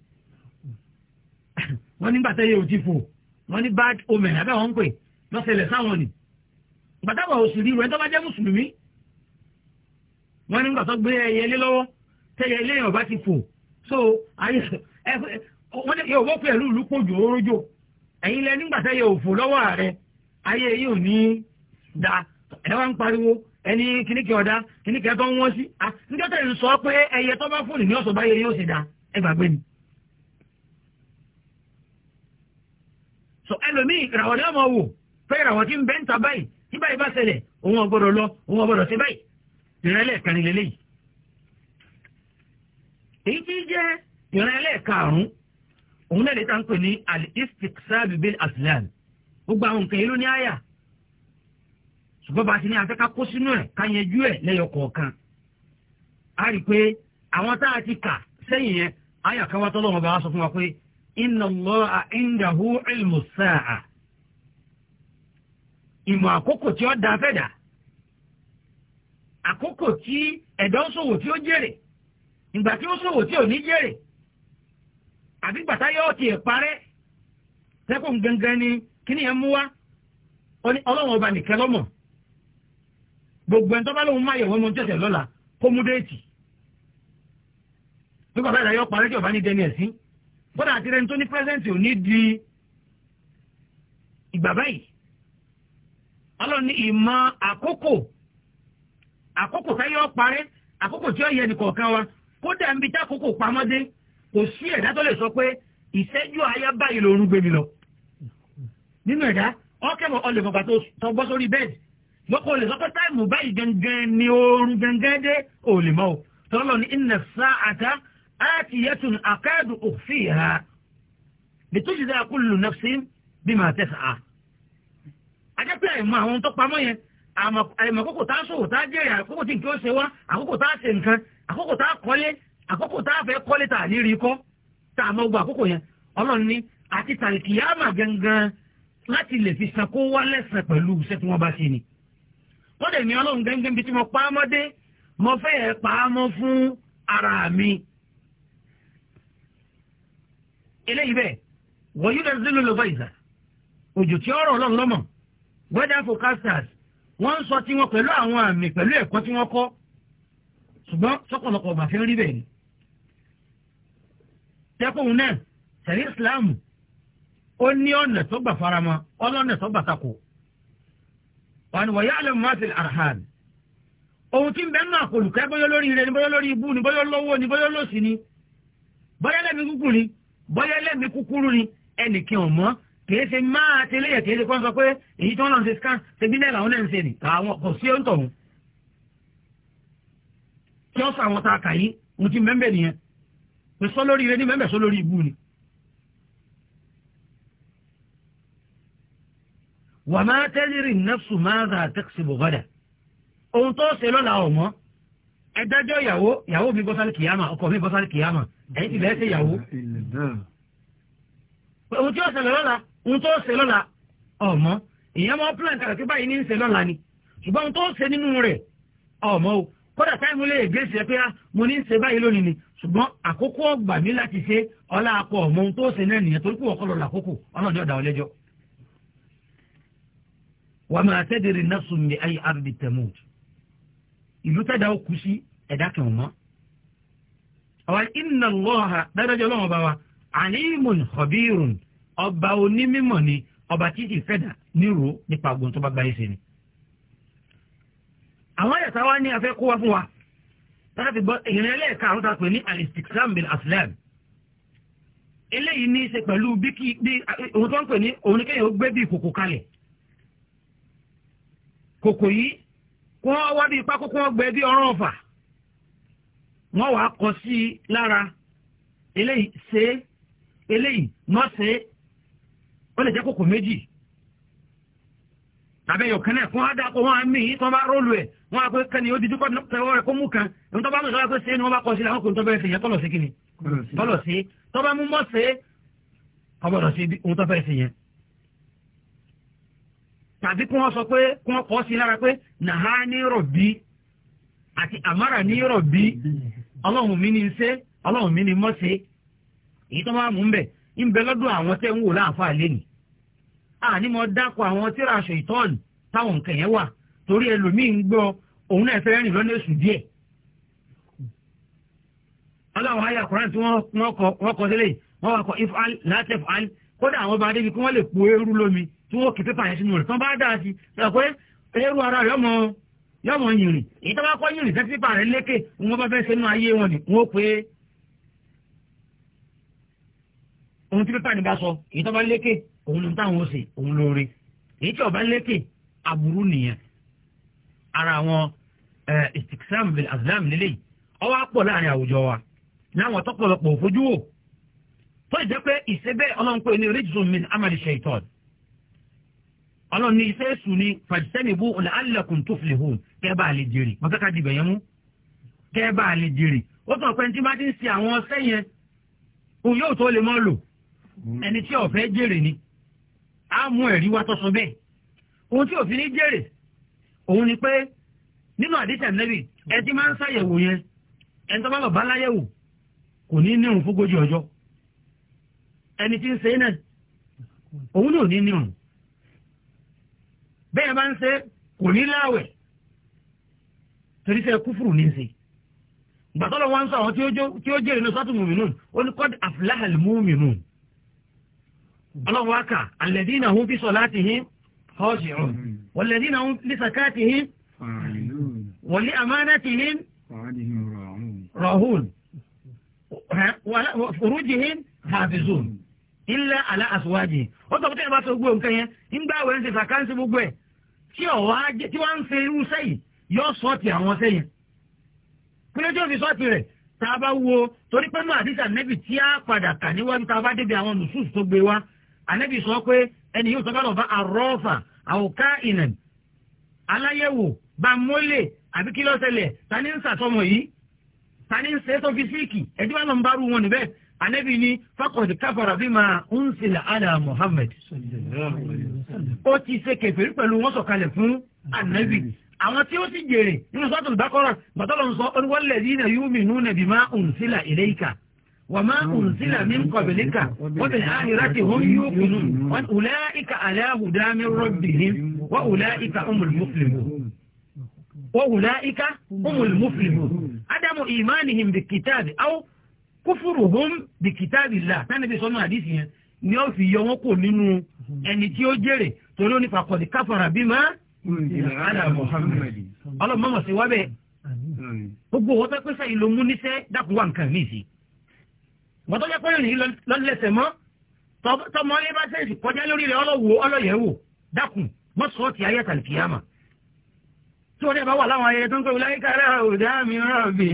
wọ́n nígbà tẹ́yẹ ò ti fò wọ́n ní bad omen abẹ́ wọn ń pè lọ́sẹ̀lẹ̀ sáwọn ni gbàtàbà òsì rí rẹ̀ tó bá jẹ́ mùsùlùmí wọ́n nígbà tó gbé ẹyẹ lé lọ́wọ́ tẹ́yẹ ilé yẹn ọba ti fò so ayé ẹ wọ́n ní yóò wọ́pẹ́ ìlú ìlú pòjò orójò ẹ̀yin lẹ nígbà tẹ́yẹ òfò lọ́wọ́ ààrẹ ayé yìí ò ní da ẹ wá ń pariwo ẹni kìnnìkì ọ̀dá kìnnìkì ẹ̀tọ́ ń wọ́n sí à ah, níjọ́ tẹ̀ ń sọ pé ẹyẹ tó bá fóònù ní ọ̀sọ̀ báyé yóò sì da ẹ gbàgbé ni. sọ ẹlòmíì ìràwọ̀ ni ọmọ wò pé ìràwọ̀ tí ń bẹ́ ń ta báyìí tí báyìí bá ṣẹlẹ̀ òun ọgbọ́dọ̀ lọ òun ọgbọ́dọ̀ sí báyìí ìrẹ́lẹ̀ kẹrin lélẹ́yìí. èyí tí jẹ́ ìrẹ́lẹ̀ karùn-ún òun náà lè ta ń pè ní gbogbo àwọn nǹkan ìlú ní àyà ṣùgbọ́n bá a ti ní afẹ́ ká kó sínú ẹ̀ ká yanjú ẹ̀ lẹ́yọ kọ̀ọ̀kan a rí i pé àwọn tá a ti kà sẹ́yìn yẹn àyà kan tọ́lọ́ wọn bá wa sọ fún wa pé inna Allaha indahu ilmu sa'a ìmọ̀ àkókò tí ó da fẹ́dà àkókò tí ẹ̀dá tí ó jèrè ìgbà tí tí ò ní ti parẹ́ kíní yẹn mú wá ọlọ́run ọba nìkan lọ́mọ̀ gbogbo ẹni tó bá lóun máyẹ̀wò ọmọ tẹ̀sẹ̀ lọ́la kó mú déètì nígbà báyìí láyọ̀ parí tí ọba ní dẹni ẹ̀sìn bọ́dà àti rẹni tó ní pẹ́sẹ́ǹtì ò ní di ìgbà báyìí ọlọ́run ní ìmọ̀ àkókò àkókò táyọ̀ parí àkókò tí ó yẹ nìkọ̀ọ̀kan wa kódà ń bi tá àkókò pamọ́dé kò sí ẹ̀dá tó lè sọ pé ìṣẹ́jú àyà báyìí lòún gbé mi lọ nínú ẹ̀dá ọ̀kẹ́mọ̀ ọlẹ́mọ̀gbà tó bọ́ sórí bẹ́ẹ̀dì lọ́kọ̀ olè sọ́kọ́ táìmù báyìí gangan ni oorun gangan dé òòlì mọ́ o tọ́lọ́ ní inna sa'ata atiyatun akadu ukhfiha litujza kullu nafsin bima tas'a. ajẹ́pẹ́ àìmọ̀ àwọn tó pamọ́ yẹn àìmọ̀ àkókò tá a sòwò tá a jẹ́rìí àkókò tí nǹkan ó ṣe wá àkókò tá a ṣe nǹkan àkókò tá a kọ́lé àkókò tá a fẹ́ kọ́lé tá ní rí kọ́ tá a mọ gbogbo àkókò yẹn ọlọ́run ní àti tàlìkìyàmà gangan láti lè fi san kó wá lẹ́sàn pẹ̀lú iṣẹ́ tí wọ́n bá ṣe ni. wọ́n dẹ̀ ní ọlọ́run gẹ́gẹ́ bí tí mo pa á mọ́ dé mo fẹ́ ẹ̀ pa á mọ́ fún ara mi. eléyìí bẹ́ẹ̀ wọ́n yóò dẹ́sí ló lọ́gbà ìzà òjò tí ọ̀rọ̀ ọlọ́run lọ́mọ̀ weather forecasters wọ́n ń sọ tí wọ́n pẹ̀lú àwọn àmì pẹ̀lú ẹ̀kọ́ tí wọ́n kọ́ ṣùgbọ́n sọ́kọ̀lọ́kọ̀ ọ̀gbà fẹ́ rí bẹ́ẹ̀ ni. tẹ́kùn náà sẹ̀rí ìsìláàmù ó ní ọ̀nà tó gbà farama ọlọ́nà tó gbà takò wọn ni wọ́n yá àlẹ́ mọ́tì arhan ohun tí ń bẹ́ẹ̀ náà kọlùkẹ́ bóyá lórí ire ni bóyá lórí ibú ni bóyá lówó ni bóyá lòsì ni bóyá lẹ́mi kúkú ni bóyá lẹ́mi kúkúrú ni ẹnìkan ò mọ́ kìí ṣe máa tẹ̀lé yẹ kìí ṣe kọ́ sọ pé èyí tí wọ́n lọ ṣe scan ṣe náà làwọn náà ń ṣe nì àwọn kò sí ohun tọ̀hún kí wọ́n sọ àwọn tá a kà yí ohun tí mẹ́mbẹ́ nìyẹn pé sọ lórí ire ni mẹ́mbẹ́ sọ lórí ibú ni wà máa tẹ́lẹ̀rì nẹ́fṣù máa dà tẹ́kṣì bọ̀gọ́dà ohun tó ṣe lọ́la ọ̀mọ́ ẹ dájọ́ ìyàwó ìyàwó mi bọ́ sálẹ̀ kìyàmà ọkọ mi bọ́ sálẹ̀ kìyàmà ẹ̀yìn ti bẹ́ẹ̀ ṣe ìyàwó. ohun tí ó ṣẹlẹ̀ lọ́la ohun tó ṣe lọ́la ọ̀mọ́ ìyẹn mọ́ plan kàkà tí báyìí ní ń ṣe lọ́la ni ṣùgbọ́n ohun tó ṣe nínú rẹ̀ ọ̀mọ́ o kódà táìmù lè gbé ṣe pé ah, mo ní ń ṣe báyìí lónìí ni ṣùgbọ́n àkókò ọgbà mi láti ṣe ọlá akọ ọmọ ohun tó ṣe náà nìyẹn torí pé ọkọ lọ́la àkókò ọlọ́ọ̀dẹ́ ọ̀dà wà máa tẹ́dẹ̀rẹ̀ náà sùn ní ayé ardi tẹ̀mọ́d ìlú tẹ́dà ó kú sí ẹ̀dá kan mọ́. àwọn inna Allaha dáadájọ́ lọ́wọ́ bá wa alimun khabirun ọba onímọ̀ ni ọba tí kì í fẹ́dà nírò nípa ogun tó bá gbáyé sí ni. àwọn àyàtà wa ní afẹ́ kó wa fún wa láti gbọ́ ìrìn ẹlẹ́ẹ̀ka àwọn tá ní alistiksam bil aslam eléyìí ní í ṣe pẹ̀lú bí kí bí òun tó ń pè ní òun ní kéèyàn ó gbé bí ìkòkò kalẹ̀ kòkò yìí kó wọ́n wá bí ipá kókó ọgbẹ bí ọ̀rọ̀ ọ̀fà wọ́n wàá kọ sí i lára eléyìí ṣe é eléyìí má ṣe é ó lè jẹ́ kókò méjì tàbí ẹ̀yọ̀ kan náà kó wọ́n á dáko wọ́n á mí kó wọ́n bá róòlù ẹ̀ wọ́n á pé kẹ́ni ó di dúkọ́ tẹ̀wọ́ rẹ̀ kó mú kan ẹ̀mí tó bá mú ìṣọ́ra pé ṣe é ni wọ́n bá kọ sí i làwọn kò ń tọ́ bẹ́ẹ̀ yẹn kọ́lọ̀ sí kí ni sí tọ́ mú mọ́ ṣe é kọ́bọ̀dọ̀ sí ohun tó fẹ́ yẹn tàbí kí wọ́n sọ pé kí wọ́n kọ́ sí lára pé nàá ní rọ̀bí àti àmàrà ní rọ̀bí ọlọ́run mi ní ṣe ọlọ́run mi ní mọ́ ṣe èyí tó máa mú bẹ̀ ń bẹ lọ́dún àwọn tẹ́ ń wò láàfáà àní mo dákọ̀ àwọn tíra aṣọ ìtọ́ọ̀nù táwọn nǹkan yẹn wà torí ẹlòmíín gbọ́ òun náà fẹ́ rìn lọ́nà èṣù díẹ̀ ọlọ́run ayé àkùrán tí wọ́n sílẹ̀ wọ́n wà ọba wọ́n lè po tí wọ́n kì pépà yẹn sínú rẹ̀ tán bá dáa sí sọ pé eérú ara rẹ̀ ọmọ yọmọ yìnrìn èyí tó bá kọ́ yìnrìn sẹ́tí pépà rẹ̀ lékè wọn bá fẹ́ sẹ́nu ayé wọn ni wọn ó pé ohun tí pépà ni bá sọ èyí tó bá lékè òun ló táwọn ó sè òun lóore èyí tí ó bá lékè aburú nìyẹn ara àwọn istiksam bil azlam lélẹ́yìí ọwọ́ àpọ̀ láàrin àwùjọ wa láwọn tọ́pọ̀lọpọ̀ òfojú wò tó ìjẹ́ ọlọ́run ní iṣẹ́ èṣù ni fàjẹ́nìbù la'allakum tuflihun kẹ́ bá lè jèrè wọ́n kẹ́kẹ́ dìbẹ̀ yẹn mú kẹ́ bá lè jèrè ó sọ pé tí bá ti ń ṣe àwọn ọṣẹ́ yẹn òun yóò tó lè mọ́ lò ẹni tí ó fẹ́ jèrè ni á mú ẹ̀rí wá tọ́sọ bẹ́ẹ̀ òun tí òfin ní jèrè òun ni pé nínú àdìsẹ̀ nẹ́bì ẹ ti máa ń ṣàyẹ̀wò yẹn ẹni ń ṣe bẹ́ẹ̀ bá ń ṣe kò ní láwẹ̀ torí sẹ́ kúfùrù ní í ṣe gbàtọ́lọ̀ wọn sọ àwọn tí ó jèrè lọ sọ́tún mùmínún ó ní kọ́d àfúláhàlì mùmínún ọlọ́wọ́ àkà àlẹ́dínà hún fi salatihim khashi'un wàlẹ́dínà hún fi zakatihim wàlẹ́ amanatihim rahun furujihim hafizun illa ala aswajihim ó sọ fún tẹ́lẹ̀ bá sọ gbogbo nǹkan yẹn ń gbà wẹ́n ṣe sàkáǹsì gbogbo ẹ̀ tí ọ̀wá jẹ tí wọ́n ń ṣe irú sẹ́yìn yọ sọ́ọ̀tì àwọn sẹ́yìn kí ló tí ó fi sọ́ọ̀tì rẹ̀ tá a bá wo torí pé mú àdìsá nẹ́bì tí a padà kà níwájú tá a bá débi àwọn nùsùs tó gbé wa ànẹ́bì sọ pé ẹni yóò sọ bá lọ bá àrọ́ọ̀fà àwòká ìnàn aláyẹ̀wò bá mọ́lẹ̀ àbí kí ló ṣẹlẹ̀ ta ń sàtọmọ yìí ta ń ṣe é tó fi síìkì ẹ̀dí bá lọ ń bá rú wọn níbẹ̀ anabi ni fakọ̀dì káfàrà bí máa ń sílẹ̀ àdà muhammed. ó ti ṣe kẹfẹ́rí pẹ̀lú wọn sọ̀kalẹ̀ fún anabi. àwọn tí ó sì jèrè nínú sọ́tún bákọ́rọ̀ bàtọ́lọ̀ ń sọ oníwọlẹ̀ yìí yu'minuna bima unzila ilayka wa ma unzila min qablika wa bil akhirati hum yuqinun wa ulaika ala hudan min rabbihim wa ulaika humul muflihun wa ulaika humul muflihun adamu imanihim bikitabi aw kúfùrù hóm bìkítàbì là tánibí sọnù àdìsí yẹn ni ó fi yọ wọn kò nínú ẹni tí ó jèrè torí ó ní fakọ̀dé káfàrà bí má ala Muhammad ọlọ́mọ mọ̀ sí wábẹ́ gbogbo wọn pẹ́ pẹ́sẹ́ ìlú mú níṣẹ́ dákun wà nǹkan mí sí wọ́n tó jẹ́ pé rìn lọ́lẹ́sẹ̀ mọ́ tọmọ ilé bá sẹ́yìn kọjá lórí rẹ̀ ọlọ́wọ́ ọlọ́yẹ̀wò dákun mọ́ sọ́ọ̀tì ayé tàlùkìyàmà tí wọ́n bá wà láwọn ayẹyẹ tó ń pè wùláyíká rẹ̀ òdá mi rọ̀bì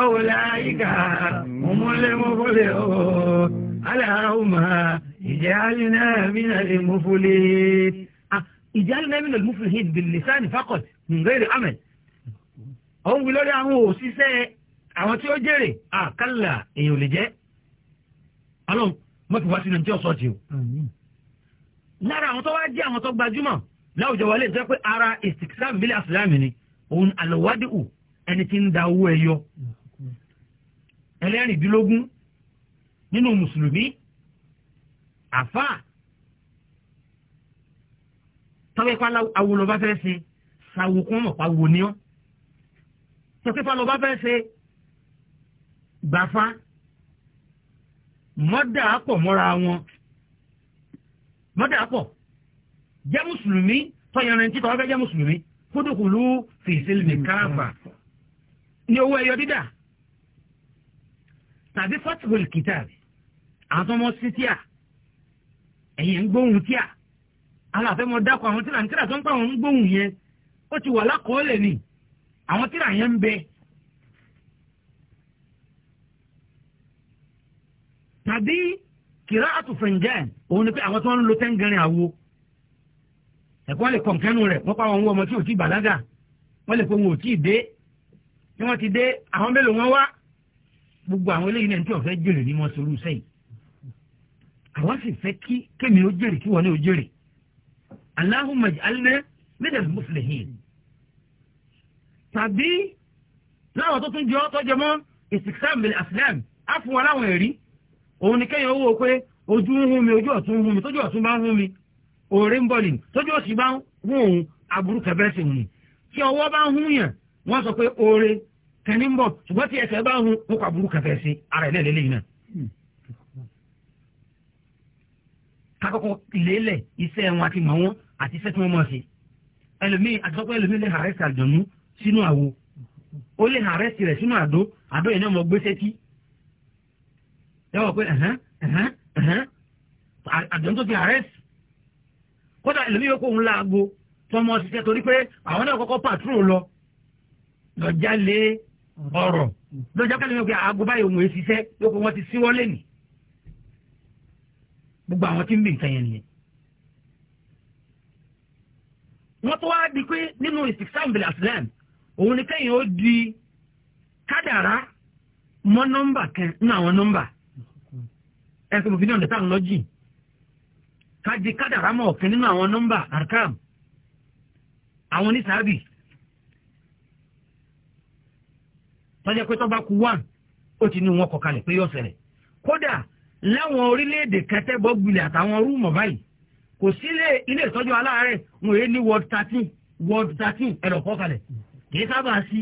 ọwùláyíká múmúlé múfúlé ooo aláhùnmá ìjẹ́ alínàmínàlè múfúlé ìjẹ́ alínàmínàlè múfúlé hìn bìlìsáàni fákọ̀t nìgbèrè amẹ̀ òun wí lórí àwọn òṣìṣẹ́ àwọn tí ó jèrè àkàlà ah, èèyàn lè jẹ́ ọlọ́run lára àwọn tó wá jẹ́ àwọn tó gbajúmọ̀ láwùjọ wa lè pé ara ìsìkísà bílẹ̀ àsìlámì ni òun àlọ́wádìí ẹni tí ń da owó ẹyọ ẹlẹ́rìndínlógún nínú mùsùlùmí àfà tọ́pẹ́pá awo lọ́ba fẹ́ ṣe ṣàwò kún mọ̀pá wò ní ọ́ tọ́pẹ́pá lọ́ba fẹ́ ṣe gbàfa mọ́dà pọ̀ mọ́ra wọn mọ́dà pọ̀ jẹ́ mùsùlùmí tọ́yẹ̀rẹ̀ntì tọ́wọ́ fẹ́ jẹ́ mùsùlùmí kódòkùlù fìsílì ní káàfà ní owó ẹyọ dídà tàbí fọ́tìwìlì kìtàbí àtọmọ sí tíà ẹ̀yìn ń gbóhùn tíà aláfẹ́mọ dákọ̀ àwọn tíra tíra tó ń pa àwọn ń gbóhùn yẹn ó ti wà lákọọ́lẹ̀ ni àwọn tíra yẹn ń bẹ. tàbí kìrá àtúfẹ̀ǹjẹ́ òun ni pé àwọn tó ń lo tẹ́ǹgẹ̀rin àwo ẹ̀kọ́ lè kọ̀ nkẹ́nu rẹ̀ wọ́n pa àwọn ọmọ tí ò tí bàlágà wọ́n lè pe wọn ò tí dé tí wọ́n ti dé àwọn mélòó wọn wá gbogbo àwọn eléyìí náà tí wọ́n fẹ́ jèrè ní wọn sọ̀rọ̀ sẹ́yìn àwọn sì fẹ́ kí kémi ó jèrè kí wọn ní ó jèrè Allahumma ij'alna minal muslihin tàbí láwọn tó tún jọ tọ́jọ mọ́ ìsìksáàmù àfúlẹ́m á fún láwọn ẹ̀rí òun ni kéèyàn owó pé ojú ń hún mi ojú ọ̀tún ń hún mi tójú ọ̀tún bá ń hún mi òòrè ń bọ̀ nì tójú òsì bá ń hún òun aburú kẹfẹ́ sì hùn tí ọwọ́ bá ń hún yàn wọ́n sọ pé òòrè kẹ́ni ń bọ̀ ṣùgbọ́n tí ẹsẹ̀ bá ń hun ó kọ aburú kẹfẹ́ sí ara ẹ̀ lẹ́lẹ́lẹ́ yìí náà. kakọ́kọ́ lélẹ̀ iṣẹ́ wọn àti mọ̀ wọn àti iṣẹ́ tí wọ́n mọ̀ sí ẹlòmíì àtọ́kọ́ ẹlòmíì lè hàrẹ́sì àjọ̀nú sínú àwo ó lè hàrẹ́sì rẹ̀ sínú àdó àdó yẹn náà mọ̀ gbé sétí yẹ wọ́n pé àjọ̀nú tó ti hàrẹ́sì kódà ìlú yóò kóhun láago tọmọ torí pé àwọn náà kọ́kọ́ pàtrol lọ lọ́jà lé ọ̀rọ̀ lọ́jà kẹ́lẹ́ mi pé aago báyìí òun èé ṣiṣẹ́ yóò kó wọ́n ti síwọ́ lẹ́nì gbogbo àwọn tí ń bì nǹkan yẹn tó di pé nínú òun ni ó di kádàrá kájí kádàrá mọ̀ ọ̀kan nínú àwọn nọ́mbà arkham àwọn onísàábì tọ́jà pé tọ́ba ku one ó ti ní wọn kọ kalẹ̀ pé yóò ṣẹlẹ̀ kódà láwọn orílẹ̀-èdè kẹtẹ́bọ̀ àtàwọn rúùmọ̀ báyìí kò sílé ilé ìtọ́jú aláàárẹ̀ wọn èé ní ward thirteen ward thirteen ẹ̀rọ kọ́ kalẹ̀ kì í sábà sí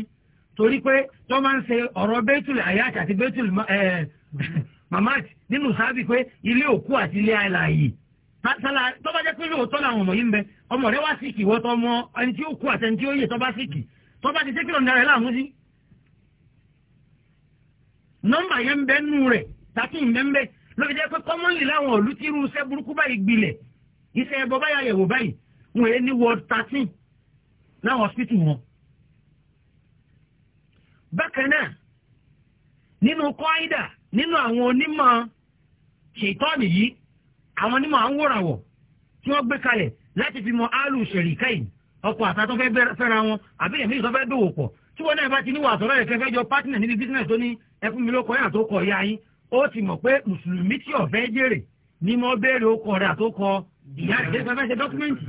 torí pé tọ́ máa ń ṣe ọ̀rọ̀ bẹ́tùlì sálà tó bá jẹ́ pé lóòótọ́ làwọn ọmọ yìí ń bẹ ọmọ rẹ wá síkì wọ́n tọ́ ọmọ ẹni tí ó kú àti ẹni tí ó yè tó bá síkì tó bá ti ṣe kílọ̀ ndarẹ̀ láàmú sí. nọ́mbà yẹn ń bẹ nù rẹ̀ tàtí ń bẹ ń bẹ lóbi jẹ́ pé kọ́mọ́nì láwọn òlu tí irú iṣẹ́ burúkú báyìí gbilẹ̀ iṣẹ́ ẹbọ báyà yẹ̀wò báyìí wọn èé ní ward thirteen láwọn hospital wọn. bákan náà nínú kọ́ńdà nínú àwọn onímọ̀ ṣètọ́nì yìí àwọn onímọ̀ à ń wòrà wọ̀ tí wọ́n gbé kalẹ̀ láti fi mọ áàlù ṣèlì káyìn ọkọ̀ àtàtọ́ fẹ́ fẹ́ra wọn àbí ẹ̀mí ìsọfẹ́ dòwò pọ̀ tí wọ́n náà bá ti níwà sọ̀rọ̀ ẹ̀kẹ́ fẹ́ jọ pátínà níbi bísínẹ̀sì tó ní ẹkún mi ló yàtọ̀ kọ̀ ya yín ó ti mọ̀ pé mùsùlùmí tí ọ̀fẹ́ jèrè ni mo béèrè okọ̀ rẹ̀ àtọkọ ìyá rẹ̀ fẹ́ ṣe dọ́kúmẹ́ǹtì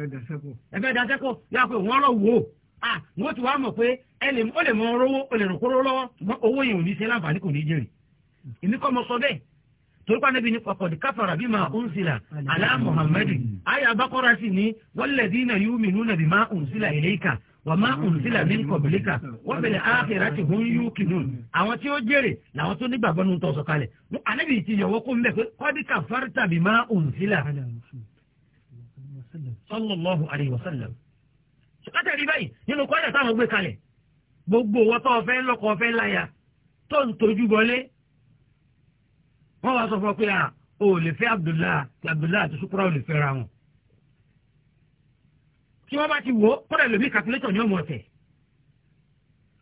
ẹ̀fẹ́ dasẹ́kọ̀ yà pé wọ́n lọ wò ó à wọ́n ti wá mọ̀ pé ó lè mọ rówó ó lè rò kóró lọ́wọ́ owó yẹn ò ní ṣe láǹfààní kò ní jèrè èmi kọ́ torí pa níbi ní kọkọdì káfàrà bí máa ń sila alá muhammadu àyà abakọ́ra sì ní walladhina yu'minuna bí máa ń sila ilayka wà máa ń sila ní kọ̀bìlíkà wọ́n bẹ̀rẹ̀ akhirati hum yuqinun àwọn tí ó jèrè làwọn tó nígbàgbọ́ nù tọ̀sọ̀ kalẹ̀ ànábì ti yọ̀wọ́ kó ń bẹ̀ pé kọ́dí kafarta bí máa ń sila sallallahu alayhi wa sallam látàrí báyìí nínú kọ́dà táwọn gbé kalẹ̀ gbogbo wọ́tọ́ ọ̀fẹ́ lọ́kọ̀ ọ̀fẹ́ láyà tó ń tojú bọlé wọ́n wá sọ fún ọ pé à ah, o lè fẹ́ Abdullahi àti Abdullahi àti Sukura ò lè fẹ́ ra wọn. tí wọ́n bá ti wò ó kọ́dà lómi calculator ní ọmọ ọ̀tẹ̀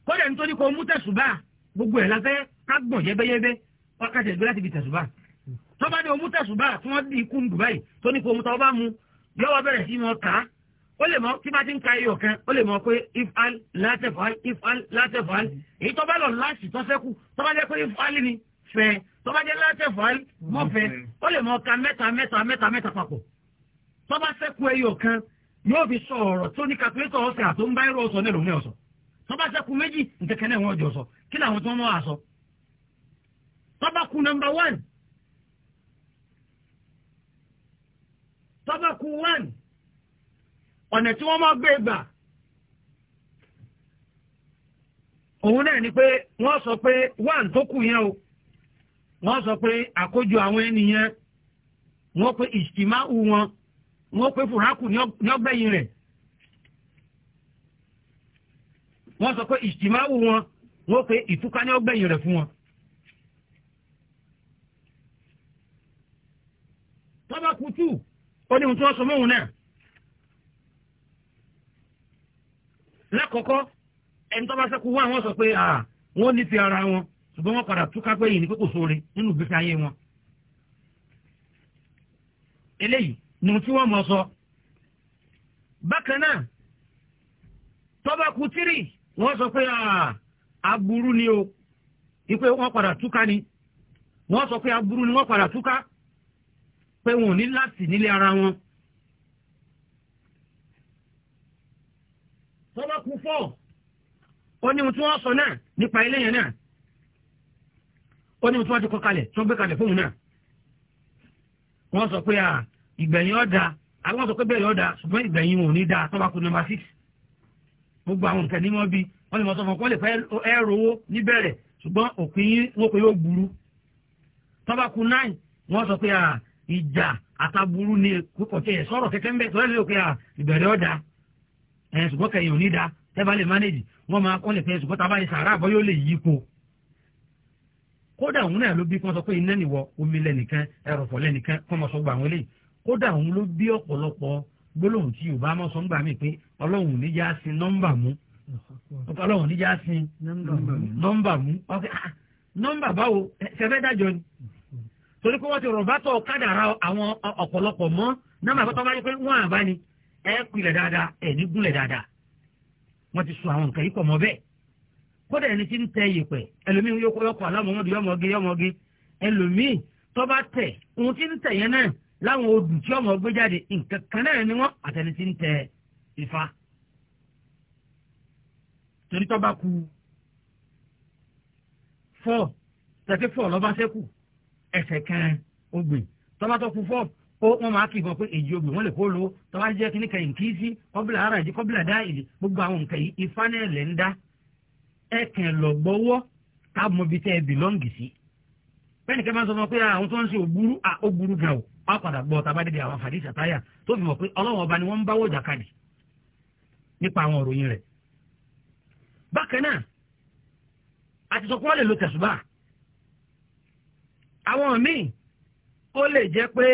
kọ́dà nítorí kò mú tẹ̀sùbà gbogbo ẹ̀ láfẹ́ kágbọ̀n yẹ́bẹ́yẹ́bẹ́ ọ̀kadà ìgbé láti fi tẹ̀sùbà tọ́ba ní omú tẹ̀sùbà tí wọ́n di ikú Dubai tó ní kò mú tọ́ba mu yọ́wọ́ bẹ̀rẹ̀ sí mọ́ ká ó lè mọ tí bá ti ń ka iyọ̀ kan ó lè mọ pé ifal látẹ̀fal ifal látẹ̀fal èyí tọ́ba lọ láti tọ́sẹ́kù tọ́ba jẹ́ pé ifal ni fẹ́ tọ́bajẹ́ látẹ̀fọ́ mọ́ fẹ́ ó lè mọ ka mẹta mẹta mẹta mẹ́ta papọ̀ tọ́ba sẹ́kù ẹyọ kan yóò fi sọ ọrọ tó ní kàpẹ́tọ̀ ń bá irú méjì náà jọ sọ kí làwọn tó ń wọ́n àṣọ. tọ́ba kù nọmba wán tọ́ba kù wán ọ̀nà tí wọ́n máa gbé gbà òun náà ni pé wọ́n sọ pé wán tó kù yẹn o. wọ́n sọ pé àkójọ àwọn ènìyàn wọ́n pé ìṣìmá hu wọn wọ́n pé fùrákù ní ọgbẹ́yìn rẹ̀ wọ́n sọ pé ìṣìmá hu wọn wọ́n pé ìtúká ní ọgbẹ́yìn rẹ̀ fún wọn. tọ́ba kutu ó ní ohun tí wọ́n sọ mọ́hun náà. lákọ̀ọ́kọ́ ẹni tọ́ba sẹ́kù wọ́n àwọn sọ pé wọ́n nífẹ̀ẹ́ ara wọn. ṣùgbọ́n wọ́n padà tuka pé yìí ni pé sóore nínú ìgbésí ayé wọn. eléyìí ni tí wọ́n mọ̀ sọ. bákan náà tọ́ba kú tírì wọ́n sọ pé aburú ni o ipe wọ́n padà tuka ni wọ́n sọ pé aburú ni wọ́n padà tuka pé wọn ò ní láti ara wọn. tọ́ba kú fọ́ ó ní ohun wọ́n sọ náà nípa ilé yẹn náà. ó ní tí wọ́n ti kọ́ kalẹ̀ tí wọ́n gbé kalẹ̀ fóun náà wọ́n sọ pé ìgbẹ̀yìn ọ̀dà àwọn sọ pé bẹ́ẹ̀ ọ̀dà ṣùgbọ́n ìgbẹ̀yìn wọn ò ní dáa tó bá kú nọ́mbà six gbogbo àwọn nǹkan ní wọ́n bí wọ́n lè mọ sọ fún wọn lè fẹ́ ẹ̀rọ owó níbẹ̀rẹ̀ ṣùgbọ́n òpin wọn kò yóò burú tó bá nine wọ́n sọ pé ìjà àtàbúrú ni kò tẹ̀ sọ̀rọ̀ kẹ́kẹ́ ń bẹ̀ tó lè pé ìbẹ̀rẹ̀ ọ̀dà ṣùgbọ́n kẹ̀yìn ò ní dáa tẹ́ bá lè manage wọ́n kódà òun náà ló bí kí wọ́n sọ pé iná nìwọ omi lẹ́nìkan ẹrọ̀fọ̀ lẹ́nìkan kọ́ mọ́ sọ gbà wọ́n lé kódà òun ló bí ọ̀pọ̀lọpọ̀ gbólóhùn tí yorùbá mọ́ sọ gbà mí pé ọlọ́run níjà sin nọ́mbà mú ọlọ́run níjà sin nọ́mbà mú nọ́mbà ah, báwo ṣẹfẹ́ dájọ́ ni torí pé wọ́n ti rọ̀bá tọ̀ kádàrá àwọn ọ̀pọ̀lọpọ̀ mọ́ nọ́mbà tó bá yẹ pé wọ́n àbá ni ẹ pilẹ̀ dáadáa ẹ̀ ní gúnlẹ̀ dáadáa wọ́n ti sọ àwọn nǹkan yìí pọ̀ mọ́ bẹ́ẹ̀ kódà ẹni tí ń tẹ yèpẹ̀ ẹlòmíì yókò yọkọ alámọmọdé yọmọge yọmọge ẹlòmíì tó bá tẹ ohun tí ń tẹ yẹn náà láwọn odù tí ọmọ gbé jáde nǹkan kan náà ni wọn àtẹni tí ń tẹ Ifá torí tó bá ku fọ tẹfẹ fọ lọba sẹkù ẹsẹ̀ kan ogbè tó bá tó ku fọ ó wọn máa kì í fọ pé èyí ogbè wọn lè kó lo tó bá jẹ kíní kẹyìn kí sí kọbílà ara ìdí kọbílà dá ìdí gbogbo àwọn nǹkan yìí Ifá náà lè ń dá ẹ kàn lọ gbọ́wọ́ ká mọ ibi tẹ́ ẹ bìlọ́ǹgì sí. bẹ́ẹ̀ni kẹ́ máa sọ fún pé ah, àwọn tó ń ṣe ògbúrú ògbúrú gan o wọ́n á padà gbọ́ tàbá débi àwọn fàdí sàtáyà tó fi mọ̀ pé ọlọ́wọ́n ọba ni wọ́n ń bá wọ̀jà kadì nípa àwọn òròyìn rẹ̀. bákan náà àti sọ pé wọ́n lè lo tẹ̀sùbà àwọn míì ó lè jẹ́ pé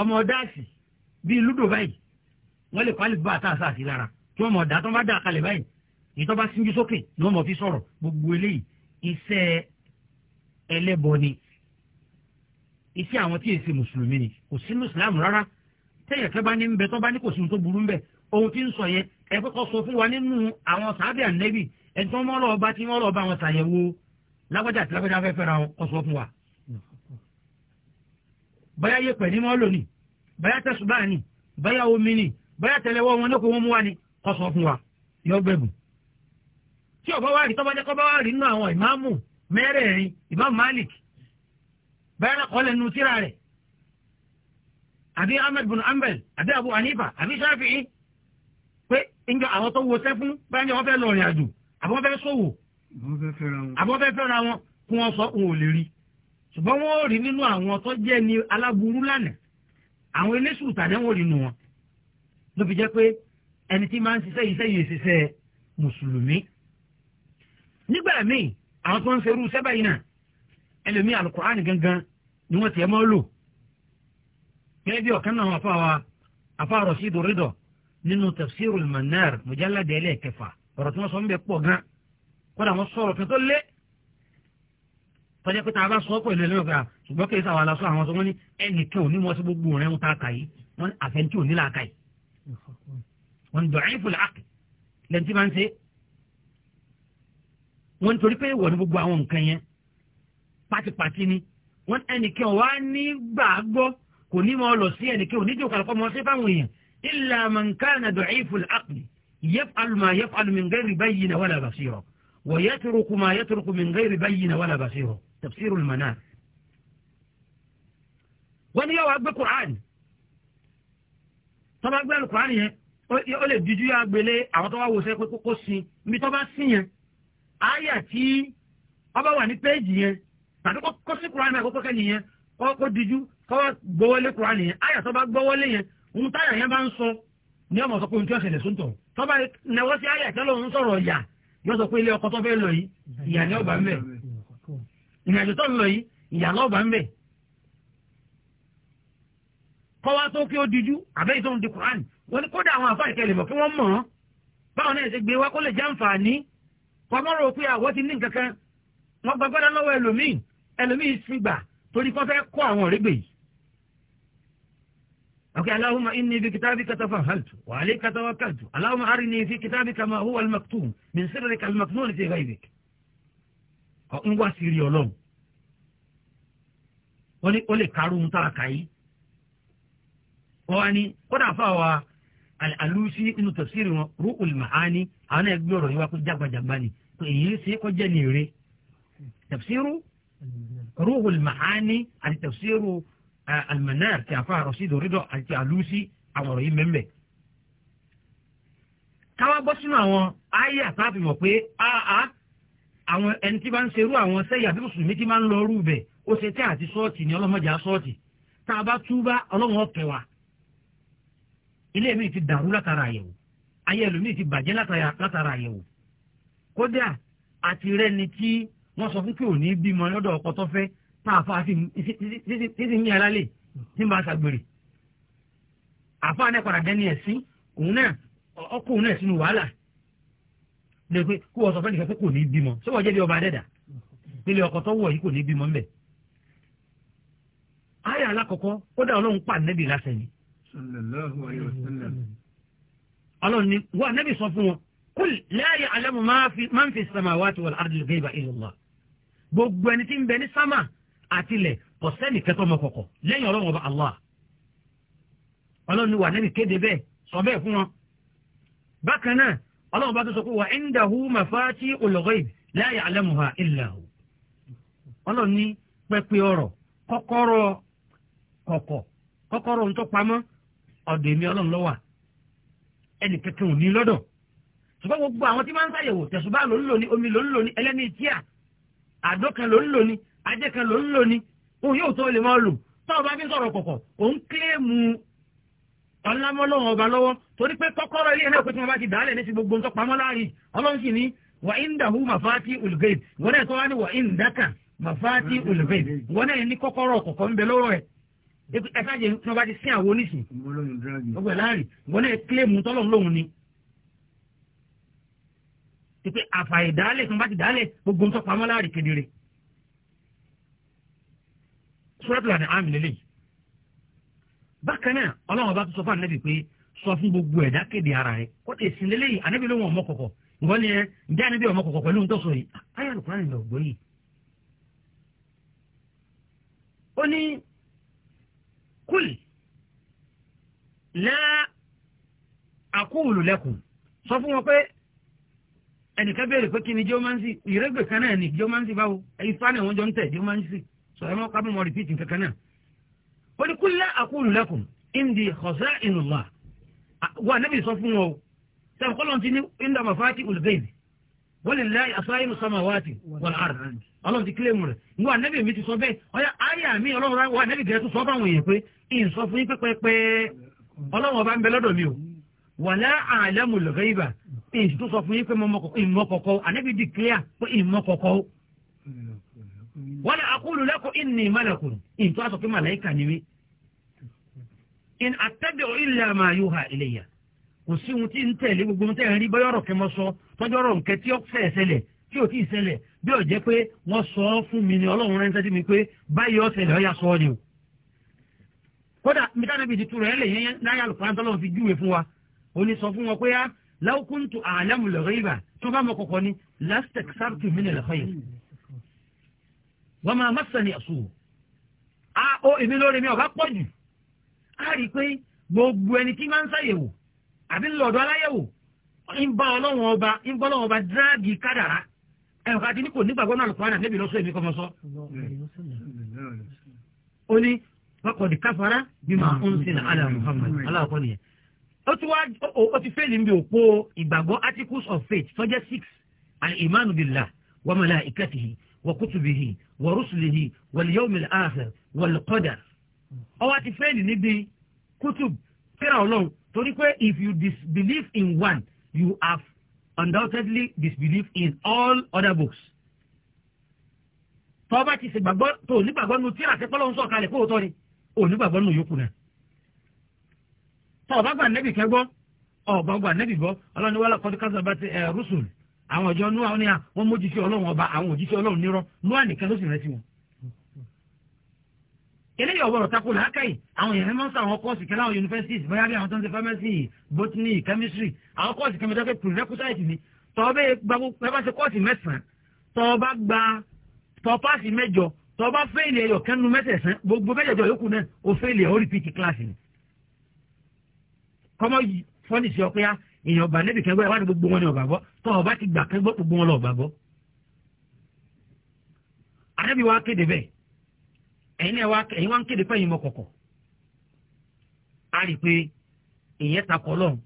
ọmọ dáàsì bíi lúdò báyìí wọ́n lè kọ́ àlùbọ́ àtàṣà sí lára tí wọ́n mọ̀ ọ̀dà tó bá dà kalẹ̀ báyìí ìtọ́ba síjú sókè ni wọ́n mọ̀ fi sọ̀rọ̀ gbogbo eléyìí iṣẹ́ ẹlẹ́bọ ni iṣẹ́ àwọn tí èsì mùsùlùmí ni kò sínú ìsìlámù rárá tẹ́yẹ̀ kẹ́ bá ní ń bẹ tọ́ bá ní kò sínú tó burú ń bẹ ohun tí ń sọ yẹn ẹ kọ́kọ́ sọ fún wa nínú àwọn sàábẹ̀ ànẹ́bì ẹ̀ tí wọ́n mọ́ lọ́ọ́ bá tí wọ́n lọ́ọ́ bá wọn ṣàyẹ̀wò lágbájá àti lágbájá fẹ́ fẹ́ra wọn kọ́ sọ fún wa. báyà yẹ pẹ̀ mọ́ lónìí báyà tẹ̀sùbáà ni báyà omi ni báyà tẹ̀lẹ́wọ́ wọn ní kò wọ́n mú wa ni kọ́ sọ fún wa yọ bẹ̀bùn tí ọba wa rí tọ́ba jẹ́ kọ́ba wa rí nínú àwọn ìmáàmù mẹ́rẹ̀ẹ̀rin ìmáàmù Malik bẹ́ẹ̀rẹ̀ kọ́lẹ̀ nù tíra rẹ̀ àbí Ahmed bin Ambel àbí Abu Hanifa àbí Shafi'i pé njọ àwọn tó wo sẹ́fún báyìí ni wọ́n fẹ́ lọ rìn àjò àbí wọ́n fẹ́ ṣòwò àbí wọ́n fẹ́ fẹ́ra wọn kí wọ́n sọ òun ò lè rí ṣùgbọ́n wọ́n rí nínú àwọn tó jẹ́ ni aláburú lánàá àwọn eléṣù tàbí wọ́n rí nù wọn ló fi jẹ́ pé ẹni tí máa ń ṣiṣẹ́ iṣẹ́ yìí ṣiṣẹ́ mùsùlùmí nígbà míì àwọn tó ń ṣerú sẹ́bà yìí náà ẹlòmíì alukur'an gangan ni wọ́n tiẹ̀ máa lò gẹ́gẹ́ bí ọ̀kan náà afa wa afa Rashid Ridho nínú tafsirul manar mujallad ẹlẹ́ẹ̀kẹfà ọ̀rọ̀ tí wọ́n sọ ń bẹ pọ̀ gan kódà wọ́n sọ̀rọ̀ kan tó lé tọ́jà pé a bá sọ pẹ̀lú ẹlẹ́yìn ọ̀gá ah, ṣùgbọ́n kí ẹ̀sà wà lásán àwọn sọ wọ́n ní ẹnì kí òní wọ́n sí gbogbo rẹ̀ ń ta àkà yìí wọ́n àfẹ́ntì òní làákà wọ́n nítorí pé ìwọ ni gbogbo àwọn nǹkan yẹn pátípátí ni wọ́n ẹnìkan wá ní gbàgbọ́ kò ní mọ́ ọ lọ sí ẹnìkan ò ní jẹ́ òkàlùkọ́ mọ́ sí fáwọn èèyàn illa man kana da'iful aqli yaf'alu ma yaf'alu min ghairi bayyina wala basira wa yatruku ma yatruku min ghairi bayyina wala basira tafsirul manar wọ́n ní yàwó agbé kùránì tọ́ba gbé kùránì yẹn ó lè díjú yà gbélé àwọn tó wá wò sẹ́ pé sin ibi tó sin yẹn àyà tí ọba wà ní péjì yẹn tàbí kó sí kúránì àkókò kẹ́yìn yẹn kó dijú kó gbọ́wọ́lé kúránì yẹn àyà tó bá gbọ́wọ́lé yẹn ohun táyà yẹn bá ń sọ ní ọmọ sọ pé ohun tí wọ́n ṣẹlẹ̀ sóńtọ̀ tọ́ba nẹwọ́ sí àyà tẹ́lọ̀ ń sọ̀rọ̀ yà yóò sọ pé ilé ọkọ tó fẹ́ lọ yìí ìyà ni ọba ń bẹ̀ ìrìnàjò tó ń lọ yìí ìyà lọ́ba ń bẹ̀ kọ́wá tó kí ó dijú àbẹ́yìí tó ń di kúránì wọ́n ní kódà àwọn àfáà ìkẹlẹ̀ mọ̀ kí wọ́n mọ̀ ọ́ báwọn náà ṣe gbé wá kó lè jẹ́ àǹfààní kọ́mọ́ rò pé àwọn ti ní nǹkan kan wọ́n gba gbọ́dọ̀ lọ́wọ́ ẹlòmíì ẹlòmíì sì gbà torí kọ́ fẹ́ kọ́ àwọn òrìgbè yìí. ọ̀kẹ́ aláhùnmá inú ibi kìtàbí katafa hàltù wàhálẹ́ katawa kàltù aláhùnmá àrí ní ibi kìtàbí kama hu almaktum min sirri kalmaktum ní ti ga ibè. ń wá sí rí ọlọ́run ó lè kárò ń tàkà yìí. wọ́n wá ní kódà fáwọn Al-Alusi inú tafsiri wọn Ru'ul Ma'ani àwọn náà gbé ọ̀rọ̀ yìí wá pé jágbajàgba ni pé èyí ṣe kó jẹ́ ní eré tafsiru Ru'ul Ma'ani àti tafsiru Al-Manar ti àfa Rasidu Ridọ àti Alusi àwọn ọ̀rọ̀ yìí mẹ́mẹ́ káwá bọ́ sínú àwọn ayé àtàfi mọ̀ pé àá àwọn ẹni tí bá ń ṣerú àwọn sẹ́yìn àbí mùsùlùmí tí máa ń lọ rú bẹ̀ ó ṣe tẹ́ àti sọ́ọ̀tì ni ọlọ́mọdé á sọ́ọ̀tì tá a bá túbá ọlọ́run ọ̀kẹ́ ilé mi ti dàrú látara àyẹ̀wò ayé ẹlòmíì ti bàjẹ́ látara àyẹ̀wò kódà àti rẹni tí wọ́n sọ fún pé òní bímọ lọ́dọ̀ ọkọ tó fẹ́ tá a fa títí ní alálẹ̀ tí ń bá ṣàgbèrè àfa náà padà dẹ́ni ẹ̀sìn òun náà ọkọ òun náà sínú wàhálà lè pé kó wọ́n sọ fẹ́ nìkan pé kò ní bímọ ṣé wọ́n jẹ́ bí ọba adẹ́dà nílé ọkọ wọ̀ yìí kò ní bímọ ńbẹ̀. ayé alákọ̀ọ́kọ́ kódà ọlọ́run pàdé níbi lásán sallallahu alayhi wa sallam. ọlọ́run ni wọ́n anábì sọ fún wọn kul la ya'lamu man fi samawati wal ardi al-ghayba illa Allah gbogbo ẹni tí ń bẹ ní sámà àtilẹ̀ kò sẹ́ni kẹtọ́ ọmọ kọ̀kọ̀ lẹ́yìn ọlọ́run ọba Allah ọlọ́run ni wà anábì kéde bẹ́ẹ̀ sọ bẹ́ẹ̀ fún wọn. bákan náà ọlọ́run bá tó sọ pé wa indahu mafatihul ghaib la ya'lamuha illa hu ọlọ́run pẹ́pẹ́ ọ̀rọ̀ kọ́kọ́rọ́ ọ̀dọ̀ èmi ọlọ́run lọ́wà ẹnì kẹkẹ ò ní lọ́dọ̀ ṣùgbọ́n gbogbo àwọn tí máa ń ṣàyẹ̀wò tẹ̀sùbá ló ń lò ní omi ló ń lò ní ẹlẹ́ni tíà àdó kan ló ń lò ní ajé kan ló ń lò ní òun yóò tó lè máa lò fi sọ̀rọ̀ òun kílẹ̀mù ọba lọ́wọ́ torí pé ẹ̀ka jẹ́ tí wọ́n bá ti sí àwọn oníṣìn ọgbẹ̀ láàrin ìwọ́n náà kílèmù tọ́lọ̀ lóhun ni pípé àfàì dálẹ̀ tí wọ́n bá ti dálẹ̀ gbogbo ń tọ́pamọ́ láàrin kedere sọ́rọ́tìlá ni àmì lélẹ̀ yìí bákan náà ọlọ́run bá tún sọ fún ànábì pé sọ fún gbogbo ẹ̀dá kéde ara rẹ̀ kó tẹ̀ sí lélẹ̀ yìí ànábì ló wọn ọmọ kọ̀kọ̀ ìwọ́n ni ẹ ǹjẹ́ ànábì ọmọ kọ̀kọ̀ pẹ̀lú ntọ́sọ yìí ayélujára ni ọ̀gbọ́n yìí ó ní kúl la aqulu lakum sọ fún wọn pé ẹnìkan béèrè pé kí ni geomancy ìrẹ́gbẹ̀ kan náà ni geomancy báwo ẹ̀yin fáwọn ẹ̀wọ̀n jọ ń tẹ̀ geomancy sọ ẹ̀ mọ́ kábọ̀ mọ́ rìpíìtì kankan náà ó ní kúl la aqulu lakum indi khaza'inullah wa nabi sọ fún wọn o sẹ́wọ̀n kọ́lọ́n ti ní inda mafati ul-ghaybi wa lillahi asairu samawati wal ard ọlọ́run ti kílẹ̀ mu rẹ̀ ìwọ ànẹ́bì mi ti sọ bẹ́ẹ̀ ọ̀yà mi ọlọ́run wa ànẹ́bì gẹ̀ẹ́ tó sọ fáwọn èèyàn pé ìyìn sọ fún yín pẹ́pẹ́pẹ́ ọlọ́run ọba ń bẹ lọ́dọ̀ mi o wàlá àlẹ́mu lọ́gẹ́ ibà tó sọ fún yín pé ìmọ̀ kọ̀kọ́ di kílẹ̀ pé ìmọ̀ kọ̀kọ́ àkúlù lẹ́kọ̀ọ́ a kò sí ohun tí ń tẹ̀lé tọ́jọ́rọ̀ nkẹ́ tí ó fẹ́ bí ó jẹ́ pé wọ́n sọ ọ́ fún mi ni ọlọ́run ránṣẹ́ sí mi pé báyìí ọ̀sẹ̀ lè ọ̀yà sọ ọ́ ni o. kódà mítánẹ́bì ti túrọ̀ ẹ́ lè yẹn láyà lùkùnrin tọ́lọ́run fi júwe fún wa ó ní sọ fún wọn pé á láwùkúntù àlámù lọ́rẹ́bà tó bá mọ kọ̀kọ́ ni lastek sáàtù mílẹ̀ lọ́kọ́ yẹn. wọ́n máa má sani àṣù a ah, ó èmi lórí mi ọ̀bá pọ̀ jù á rí i pé gbogbo ẹni tí máa ń ṣàyẹ̀wò àbí lọ́dọ̀ aláyẹ̀wò ń bá ọlọ́run ọba ń bá ọlọ́run ọba dráàgì kádàrá ẹ̀rọ kàdí ní kò nígbàgbọ́ náà lùkọ́ ànábì lọ́sọ̀ èmi kọ́ mọ́ sọ. ó ní wákọ̀dì káfárá bí máa ń sin àlà Muhammad aláwọ̀kọ́ nìyẹn. ó ti wá ó ti fẹ́ẹ̀lì níbi òpó ìgbàgbọ́ articles of faith sọ́jẹ́ six al-imanu billah wa malaikatihi wa kutubihi wa rusulihi wal yawmil akhir wal qadar. ó wá ti fẹ́ẹ̀lì níbi kutub fẹ́ràn ọlọ́run torí pé if you disbelieve in one you have undoubtedly disbelief in all other books. tọ́ba ti ṣe gbàgbọ́ tó ò ní gbàgbọ́ nínú tíra àti pọ́lọ́hún sọ̀ kalẹ̀ kóòótọ́ ni ò ní gbàgbọ́ nínú yòókù náà. tọ́ba gba nẹ́bì kẹ́gbọ́ ọ̀gbọ́n gba nẹ́bì gbọ́ ọlọ́ni wàhálà kọ́dí kásáà bá ti ẹ̀ eh, rúṣùl àwọn ọjọ́ nú àwọn ní à wọ́n mójúṣe ọlọ́run ọba àwọn òjíṣẹ́ ọlọ́run nírọ́ nú àníkan ló sì rẹ́ sí wọn eléyìí ọ̀gbọ́dọ̀ tako làákàyè àwọn èèyàn máa ń sọ àwọn kọ́ọ̀sì kẹlẹ́ àwọn universities bóyá bí àwọn tó ń ṣe pharmacy botany chemistry àwọn kọ́ọ̀sì kẹmẹtọ́ pé prerequisite ni tọ́ọ̀bẹ́ gbàgbó ẹ bá ṣe kọ́ọ̀sì mẹ́sàn-án tọ́ọ̀bá gba tọ́ọ̀páàsì mẹ́jọ tọ́ọ̀bá fẹ́ẹ̀lì ẹ̀yọ̀ kẹ́nu mẹ́sẹ̀sán gbogbo mẹ́jọ yòókù náà ó fẹ́ẹ̀lì ẹ̀ ó class ni. kọ́mọ fọ́nìṣẹ́ ọ̀pẹ́ yá èèyàn ọba níbi kẹgbẹ́ wá ní gbogbo wọn ní ọba bọ́ tọ́ọ̀bá ti gbà kẹgbẹ́ gbogbo wọn lọ ọba bọ́. àdébíwá kéde ẹ̀yin náà ẹ̀yin wá ń kéde pẹ́yìn mọ́ a rí i pé ìyẹn takọ̀ lọ́n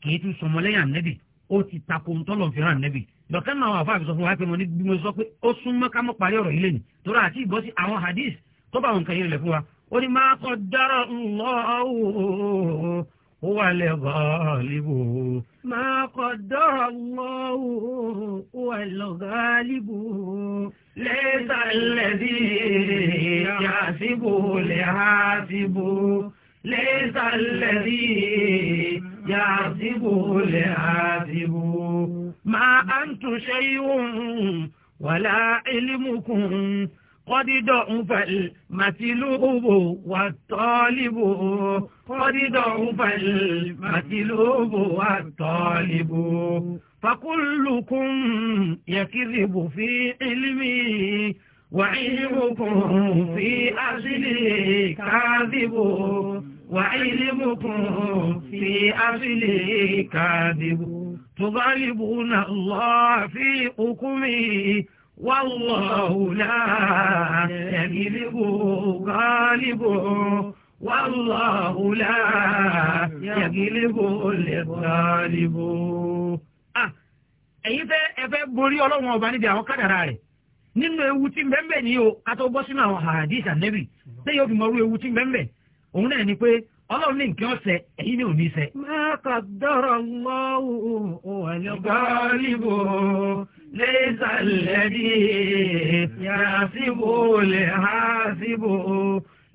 kì í tún sọmọ lẹ́yìn ànẹ́bì ó ti takò ń tọ́lọ̀ fẹ́ràn ànẹ́bì dọ̀kẹ́ náà àwọn àfáàfin sọ fún wa pé mo ní bí mo sọ pé ó súnmọ́ ká mọ́ parí ọ̀rọ̀ yìí lẹ́nu torí àti ìbọ́ sí àwọn hadith tó bá àwọn nǹkan yẹn lẹ̀ fún wa ó ní máa kọ dára ńlọ́ọ̀ọ́ wàlẹ̀ gọ́ọ̀lìbò. máa kọ̀ dọ́rọ̀ lọ́wọ́ wàlẹ̀ gọ́ọ̀lìbò. lẹ́sà lẹ́dí yàtìbò lẹ́hàtìbò. lẹ́sà lẹ́dí yàtìbò lẹ́hàtìbò. máa ń túnṣe yíwọ̀n wàlá ìlímùkùn kọ́dídọ̀ ń fẹ̀lẹ̀ màtílóbò wà tọ́líbò kọ́dídọ̀ ń fẹ̀lẹ̀ màtílóbò wà tọ́líbò fakúlùkùn yẹkìrìbù fi ilmi wàhílìbùkùn fi àṣìlì káàdìbò wàhílìbùkùn fi àṣìlì káàdìbò tùbálìbùnà Allah fi òkúmi. والله لا يغلب غالب والله لا يغلب الغالب ẹ̀yin fẹ́ ẹ fẹ́ borí ọlọ́run ọba níbi àwọn kádàrá rẹ̀ ninu ewu ti bẹ́ẹ̀ ni o ká tó bọ́ bi ewu ti bẹ́ẹ̀ ni ọlọ́run ní nǹkan ọ̀sẹ̀ ẹ̀yin ní òní sẹ. ma qaddarallahu wal ghalibu laysa alladhi yahsibu lihasibu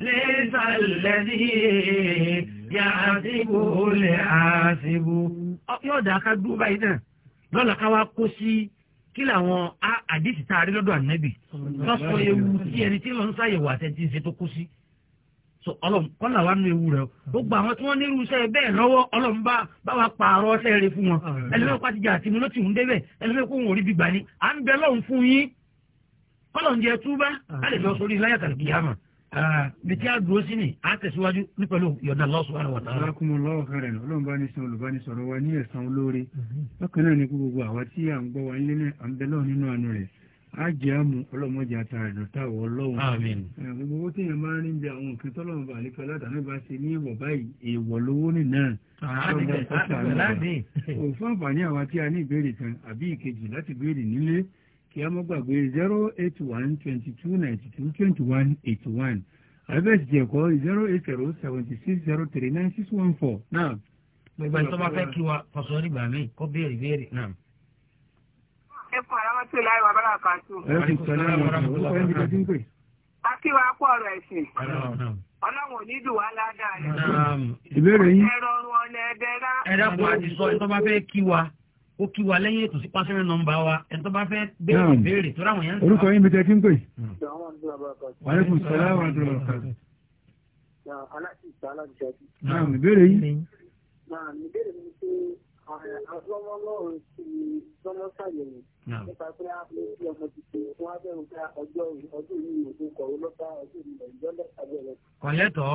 laysa alladhi yahsibu lihasibu. yóò dà ká dúró báyìí náà lọ́la ká wá kó sí kí làwọn àdìsí tá a rí lọ́dọ̀ ànábì lọ́sọ̀ ewu tí ẹni tí lọ́n ń àtẹ̀tí ń ṣe tó kó sí ọlọ́run kọ́là wa nù ewu rẹ̀ o gbogbo àwọn tí wọ́n ní irúṣẹ́ bẹ́ẹ̀ lọ́wọ́ ọlọ́run bá bá wa pààrọ̀ ọṣẹ́ rẹ̀ fún wọn ẹlẹ́mẹ̀kọ́ pàtìjà àti mi ló ti ń débẹ̀ ẹlẹ́mẹ̀kọ́ òun ò rí gbígbà ni à ń bẹ lọ́hùn fún yín kọ́lọ̀n jẹ túbá a lè lọ sórí láyà kàlùkì yàmà bí tí a dúró sí ni a tẹ̀síwájú ní pẹ̀lú yọ̀dà lọ́sùn àwọn ọ̀tá. alákùnrin ni gbogbo ájẹ́mú ọlọ́mọdé àtàrà ìdọ̀tà wọ ọlọ́run àmín gbogbo owó téèyàn máa ń rí bí àwọn nǹkan tọ́lọ́run bá nípa látàrí bá ṣe ní ìwọ̀ báyìí èèwọ̀ lówó nìyẹn òfin àǹfààní àwa tí a ní ìbéèrè kan àbí ìkejì láti béèrè nílé kí a mọ́ gbàgbé zero eight one twenty two ninety two twenty one eighty one àbẹ̀sì jẹ̀kọ́ zero eight zero seventy six zero three nine six one four náà. gbogbo ìtọ́ bá fẹ́ kí wa kọ̀sọ́ nígbà míì kó alaikum warahmatullahi wabarakatuh. akíwá pọ̀ rẹ̀ sí. ọlọ́run ò ní dùn wá ládàá rẹ̀. ìbéèrè yín. ẹ̀rọ ọ̀run ọ̀nà ẹ̀dẹ́rà. ẹ̀dá kan àti sọ ìtọ́ bá fẹ́ kí wa ó kí wa lẹ́yìn ètò sí pásẹ́rẹ́ nọ́mbà wa ẹni tó bá fẹ́ béèrè béèrè tó ráwọn yẹn ń sọ. orúkọ yín bí tẹ́ kí ń pè. wàlẹ́kùn sọlá wà dúró kàdé. aláṣìṣẹ́ aláṣìṣẹ́. náà ìbéèrè yín. náà ìbéèrè mi ṣe Àwọn ọmọ ọlọ́run ti lọ́nà ṣàyẹ̀wò nípa pé a fi fi ọmọ tuntun fún abẹ́rù pé ọjọ́ ọdún yìí ò tó kọ̀ ọlọ́pàá ọdún ìlẹ̀ ìjọ́lẹ̀ àbẹ̀rẹ̀. Kọ̀lẹ́tọ̀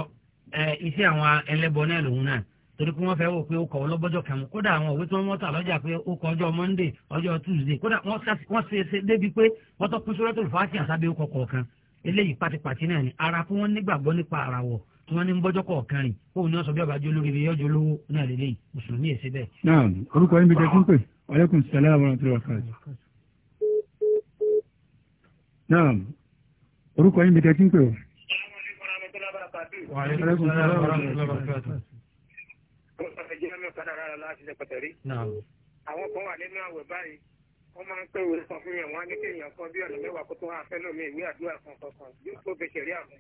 iṣẹ́ àwọn ẹlẹ́bọ náà lòun náà torí pé wọ́n fẹ́ wò pé ó kọ̀ ọlọ́gbọ́jọ́ kẹ̀mú kódà àwọn òwe tí wọ́n mọ́ta lọ́jà pé ó kọ ọjọ́ Monday ọjọ́ Tuesday kódà wọ́n ṣe ṣe débi pé wọ́n tó kún sórẹ́tò fàáṣì àsábẹ́ ó kọ kọ̀ọ̀kan eléyìí pátípátí náà ni ara kí wọ́n nígbàgbọ́ nípa àràwọ̀ wọn ní bọ́jọ́ kọ̀ọ̀kan rìn òun náà sọ bí ọbàjọ́ lórí ibi lówó náà lè léyìn mùsùlùmí ẹ̀ síbẹ̀. náà orúkọ yín bí jẹ́ tún pè alaikum salaam wa rahmatullahi wa barakatuh. náà orúkọ yín bí jẹ́ tún pè o. wa alaikum salaam wa rahmatullahi wa barakatuh. àwọn kan wà nínú àwẹ̀ báyìí wọ́n máa ń pé òwe sọ fún yẹn wọ́n á kan bí ọ̀nà mẹ́wàá kó tó wá fẹ́ lómi ìwé àdúrà kan kankan yóò tó fi ṣẹ̀rí àwọn.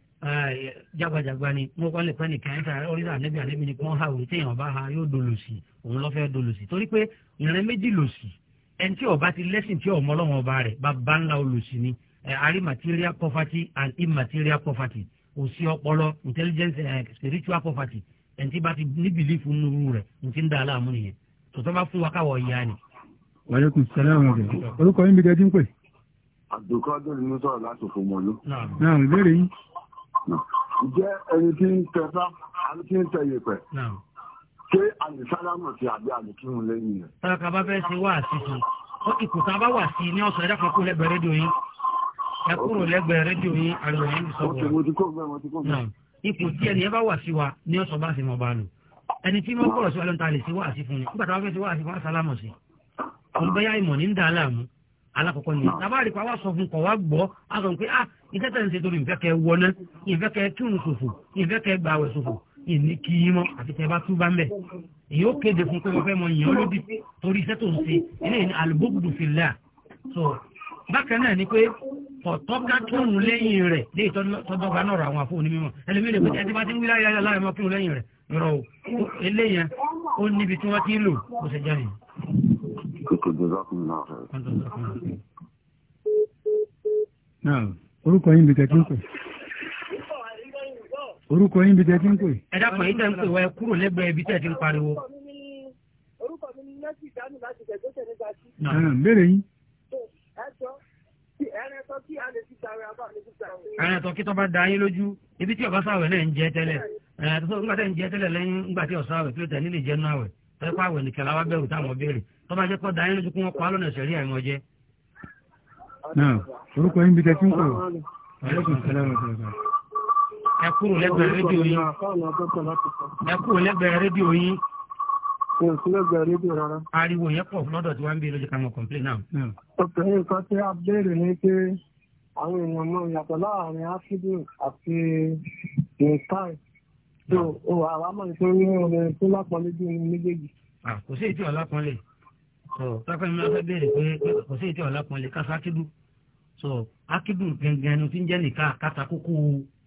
jágbajàgba ni mo kọ́ lè pẹ́ nìkan ẹ̀ sára orí àlẹ́bí àlẹ́bí ni wọ́n ha òwe téèyàn bá ha yóò dolo sí òun lọ́ fẹ́ dolo sí torí pé ìrìn méjì lò sí ẹni tí ọba ti lẹ́sìn tí ọmọ ọlọ́wọ́n ọba rẹ̀ bàbá ńlá olùsí ni àrí material poverty and immaterial poverty òsì ọpọlọ intelligence and spiritual poverty ẹni tí bá ti ní bìlífù nínú rẹ̀ ní ti ń dá aláàmú nìyẹn tòtọ́ bá fún wa káwọ̀ ìyá ni Wàlékún sálàmù ọ̀rẹ́. Orúkọ yín bí dẹ́jú ń pè. Àdùkọ́dọ̀ ni mo sọ̀rọ̀ láti fún mọ́ ló. Náà ìbéèrè yín. Ǹjẹ́ ẹni tí ń tẹ bá àbí tí ń tẹ yèpẹ̀? Ṣé àlùsálàmù ti àbí àlùkírun lẹ́yìn rẹ̀? Tọ́lọ́ka bá fẹ́ ṣe wá àṣìṣe. Ó ti kùtà bá wà sí ní ọ̀sán ẹ̀dá kó lẹ́gbẹ̀ẹ́ rédíò yín. Ẹ kúrò lẹ́gbẹ̀ẹ́ rédíò yín àlọ́ yín sọ̀rọ̀. Ipò tí ẹni yẹn bá wà sí wa ní ọ̀sán bá ṣe mọ̀ bá lò. Ẹni tí wọ́n bóyá ìmọ̀ ní ń dà á láàmú alákọ̀ọ́kọ́ ni tabaari pa wá sọ fún kọ̀ wá gbọ́ a sọ pé ah iṣẹ́ tẹ̀ ń ṣe torí ìfẹ́ kẹ wọná ìfẹ́ kẹ kírun ṣòfò ìfẹ́ kẹ gbàwẹ̀ ṣòfò ìní kì í mọ́ àti tẹ̀ bá tú bá ń bẹ̀ èyí ó kéde fún pé wọ́n fẹ́ mọ ìyàn lódì torí iṣẹ́ tó ń ṣe eléyìí ni alùbókùdù fi là so bákan náà ni pé ọ̀tọ́ bá kírun lẹ́yìn rẹ̀ lé ìtọ́dọ́gba náà rà àwọn àfọ onímọ̀ ẹlẹ́mìíràn Okay, jazakumullah khairan. Náà, orúkọ yín bí tẹ́tí ń pè. Orúkọ yín bí tẹ́tí ń pè. Ẹ dákun yín tẹ́ ń pè wá ẹ kúrò lẹ́gbẹ̀ẹ́ ibi tẹ́tí ń pariwo. Orúkọ mi ni Nẹ́sì Dánù láti Gẹ̀gẹ́sẹ̀ nígbà tí. Náà, béèrè yín. Ẹ jọ ẹ̀rìn tó kí tó bá da yín lójú ibi tí ọba sáwẹ̀ náà ń jẹ tẹ́lẹ̀ ẹ̀rìn tó nígbà tẹ́ ń jẹ tẹ́lẹ̀ lẹ́yìn nígbà tí ọ̀sáwẹ̀ tó tẹ̀ nílé jẹ́ náà wẹ̀ tọ́jú pé àwẹ̀ nìkan làwọn abẹ́rù táwọn béèrè tó bá jẹ́ kọ́ da ayélujú kí wọ́n kọ́ alọ́nà ìṣẹ̀rí àìmọ́ jẹ́. náà orúkọ yín bí tẹ́tí ń kọ̀ ẹ kúrò lẹ́gbẹ̀ẹ́ rédíò yín ẹ kúrò lẹ́gbẹ̀ẹ́ rédíò yín. ariwo yẹn pọ̀ lọ́dọ̀ tí wọ́n ń bí lójú káwọn kọ̀ǹpilẹ̀ ni pé àwọn èèyàn mọ̀ yàtọ̀ láàrin áfíríkì àti nìkan tó o àwa mọ̀ ní pé ní obìnrin tó lápọ̀lé bí ní méjèèjì. Ah, kò sí ètò ọ̀lápọ̀lé so pápá mi máa fẹ́ béèrè pé kò sí ètò ọ̀lápọ̀lé káfá kídù so akídù gangan ni o ti ń jẹ́ nìka kátakókó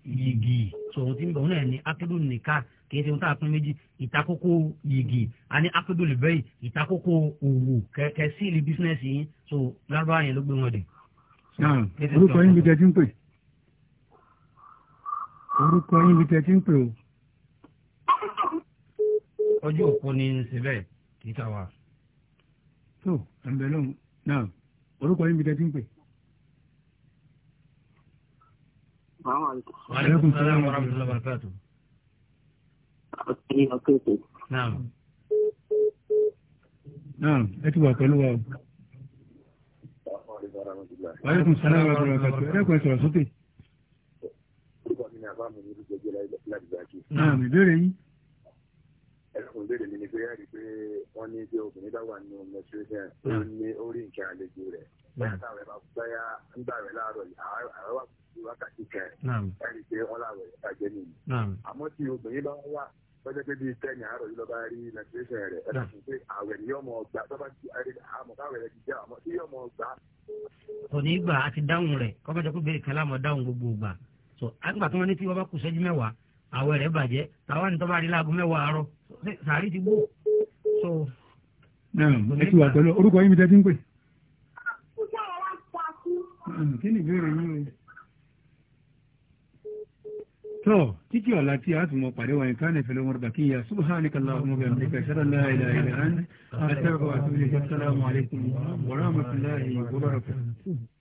yìgì so ohun tí ń bọ̀ náà ni akídù nìka kì í ṣe ohun tá a pín méjì ìtakókó yìgì a ní akídù lè bẹ́yì ìtakókó òwò kẹ̀kẹ́ sí ìlú bísínẹ́sì yín so lárúbáwá yẹn ló gbé wọn dé. orúkọ yín bí tẹ́tí ń pè orúkọ yín bí tẹ́tí ń pè o ọjọ́ òkú ni ń ṣe bẹ́ẹ̀ kì í ta wa. tó ẹnbẹ lóhùn náà orúkọ yín bí dẹ́tí ń pè. aleykum salaam wa rahmatulah wa barakatu. ọkẹ́ ọkẹ́ tó. náà náà ẹ ti wà pẹ̀lú wa o. aleykum salaam wa rahmatulah wa barakatu. ẹ kò sọ̀rọ̀ sókè. náà mi yín ẹlẹ́kùn ìbéèrè mi ni pé ẹ̀rí pé wọ́n ní bí obìnrin bá wà nínú menstruation ó hmm. ní orí nǹkan àlejò rẹ̀ hmm. báyà rẹ̀ bá báyà ń gbà rẹ̀ láàárọ̀ àárọ̀ wà fún wákàtí kan hmm. ẹ̀rí pé wọ́n láwẹ̀ ìbàjẹ́ nìyí. àmọ́ tí obìnrin bá wà lọ́jọ́ pé bíi tẹ́ni àárọ̀ yìí ló bá rí menstruation rẹ̀ ẹlẹ́kùn pé àwẹ̀ ni yọmọ ọgbà tó bá ti àmọ̀ káwẹ̀ rẹ̀ ti jẹ́ àmọ́ tí yọmọ ọgbà. gbà so àgbà tó wọn ní tí wọ́n bá àwẹ̀ rẹ̀ bàjẹ́ tàwa ní tọ́ba àdìlá àgọ́ mẹ́wàá àárọ̀ sàárì ti gbó. ẹ ti wà pẹ̀lú orúkọ yín mi tẹ́ ti ń pè. kí ni ìbéèrè yín o. tọ́ títí ọ̀la tí a tún mọ pàdé wa nǹkan ẹ̀fẹ̀ lọ́wọ́ rẹ̀ kí ya subhanaka allahumma bẹ̀rẹ̀ nípa ìṣẹ́ra la ilaha illa anta àti ẹ̀kọ́ àti ìṣẹ́ra salamu alaykum wa rahmatulahi wa barakatuh.